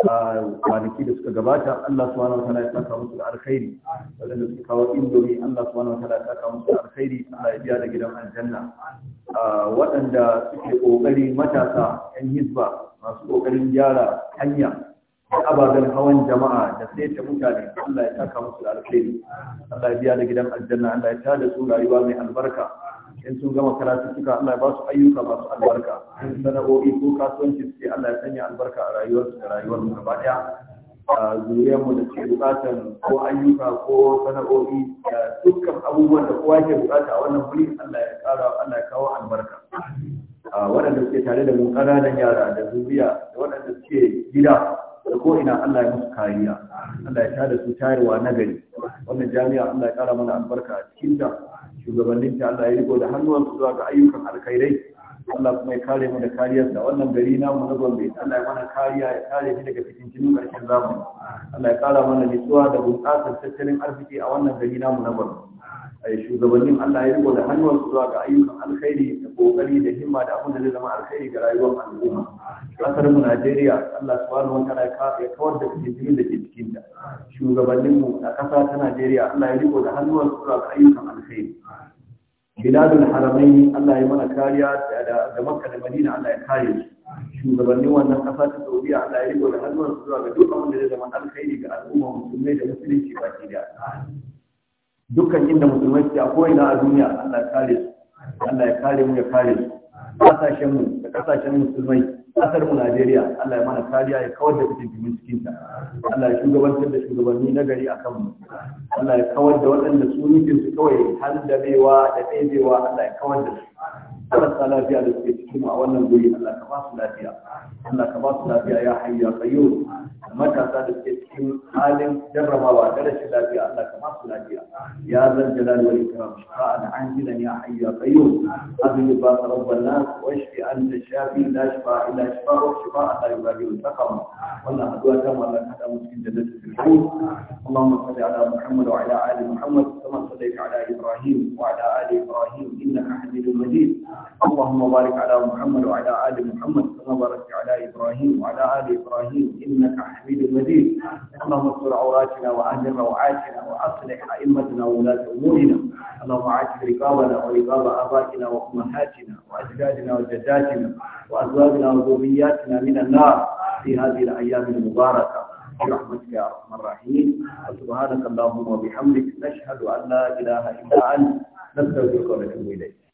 a kwanaki da suka gabata Allah subhanahu wataala ya saka musu da alkhairi waɗanda suka kawo indomi Allah subhanahu wataala ya saka musu da alkhairi Allah ya biya da gidan aljanna waɗanda suke ƙoƙari matasa 'yan hizba masu kokarin gyara hanya da ababen hawan jama'a da sai ta mutane Allah ya saka musu da alkhairi Allah ya biya da gidan aljanna Allah ya da su rayuwa mai albarka in sun gama karatu suka Allah ya ba su ayyuka masu albarka sana'o'i ko kasuwanci sai Allah ya sanya albarka a rayuwarsu da rayuwar mu gaba daya mu da ke bukatar ko ayyuka ko sana'o'i da dukkan abubuwan da kowa ke bukata a wannan wuri Allah ya kara Allah ya kawo albarka waɗanda suke tare da mu ƙananan yara da zuriya da waɗanda suke gida da ko ina Allah ya musu kariya Allah ya tada su tayarwa na gari wannan jami'a Allah ya ƙara mana albarka a cikin ta shugabannin ta Allah ya riko da su zuwa ga ayyukan alkhairai Allah kuma ya kare mu da kariyarsa wannan gari na mu na Gombe Allah ya mana kariya ya kare mu daga jinin ƙarshen zamani Allah ya kara mana nutsuwa da bunƙasar tattalin arziki a wannan gari na mu na Gombe a shugabannin Allah ya riko da su zuwa ga ayyukan alkhairi da kokari da himma da abin da zai zama alkhairi ga rayuwar al'umma kasar mu Najeriya Allah subhanahu wa ta'ala ya kawar da fitintinu da ke cikin ta shugabannin mu a ƙasa ta Najeriya Allah ya riko da su zuwa ga ayyukan alkhairi biladul haramai Allah ya mana kariya da Makka da Madina Allah ya kare su shugabannin wannan kasa ta Saudiya Allah ya riko da hannuwan su zuwa ga duk abin da zai zama alkhairi ga al'umma musulmai da musulunci ba ke da dukkan inda musulmai suke a ko'ina a duniya Allah ya kare su Allah ya kare mu ya kare su kasashen mu da kasashen musulmai kasar mu Najeriya Allah ya mana kariya ya kawar da cikin cikin ta Allah ya shugabantar da shugabanni na gari kan mu Allah ya kawar da waɗanda su nufin su kawai handabewa da ɗebewa Allah ya kawar da su marasa lafiya da suke cikin a wannan guri Allah ka ba su lafiya Allah ka ba su lafiya ya hayya qayyum matasa da suke cikin halin jarrabawa da rashin lafiya Allah ka ba su lafiya ya zal jalal wal ikram shifa'an anjilan ya hayya qayyum azmi ba rabban nas wa shfi anta shafi la shifa illa shifa wa shifa la yughadiru saqam wannan addu'a ta mu Allah ka da mu cikin jannatul khulud Allahumma salli ala Muhammad wa ala ali Muhammad kama sallaita ala Ibrahim wa ala ali Ibrahim innaka Hamidum Majid اللهم بارك على محمد وعلى آل محمد كما باركت على إبراهيم وعلى آل إبراهيم إنك حميد مجيد اللهم استر عوراتنا وأهل روعاتنا وأصلح أئمتنا وولاة أمورنا اللهم اعز رقابنا ورقاب آبائنا وأمهاتنا وأجدادنا وجداتنا وأزواجنا وذرياتنا من النار في هذه الأيام المباركة برحمتك يا أرحم الراحمين وسبحانك اللهم وبحمدك نشهد أن لا إله إلا أنت نستودعك ونتوب إليك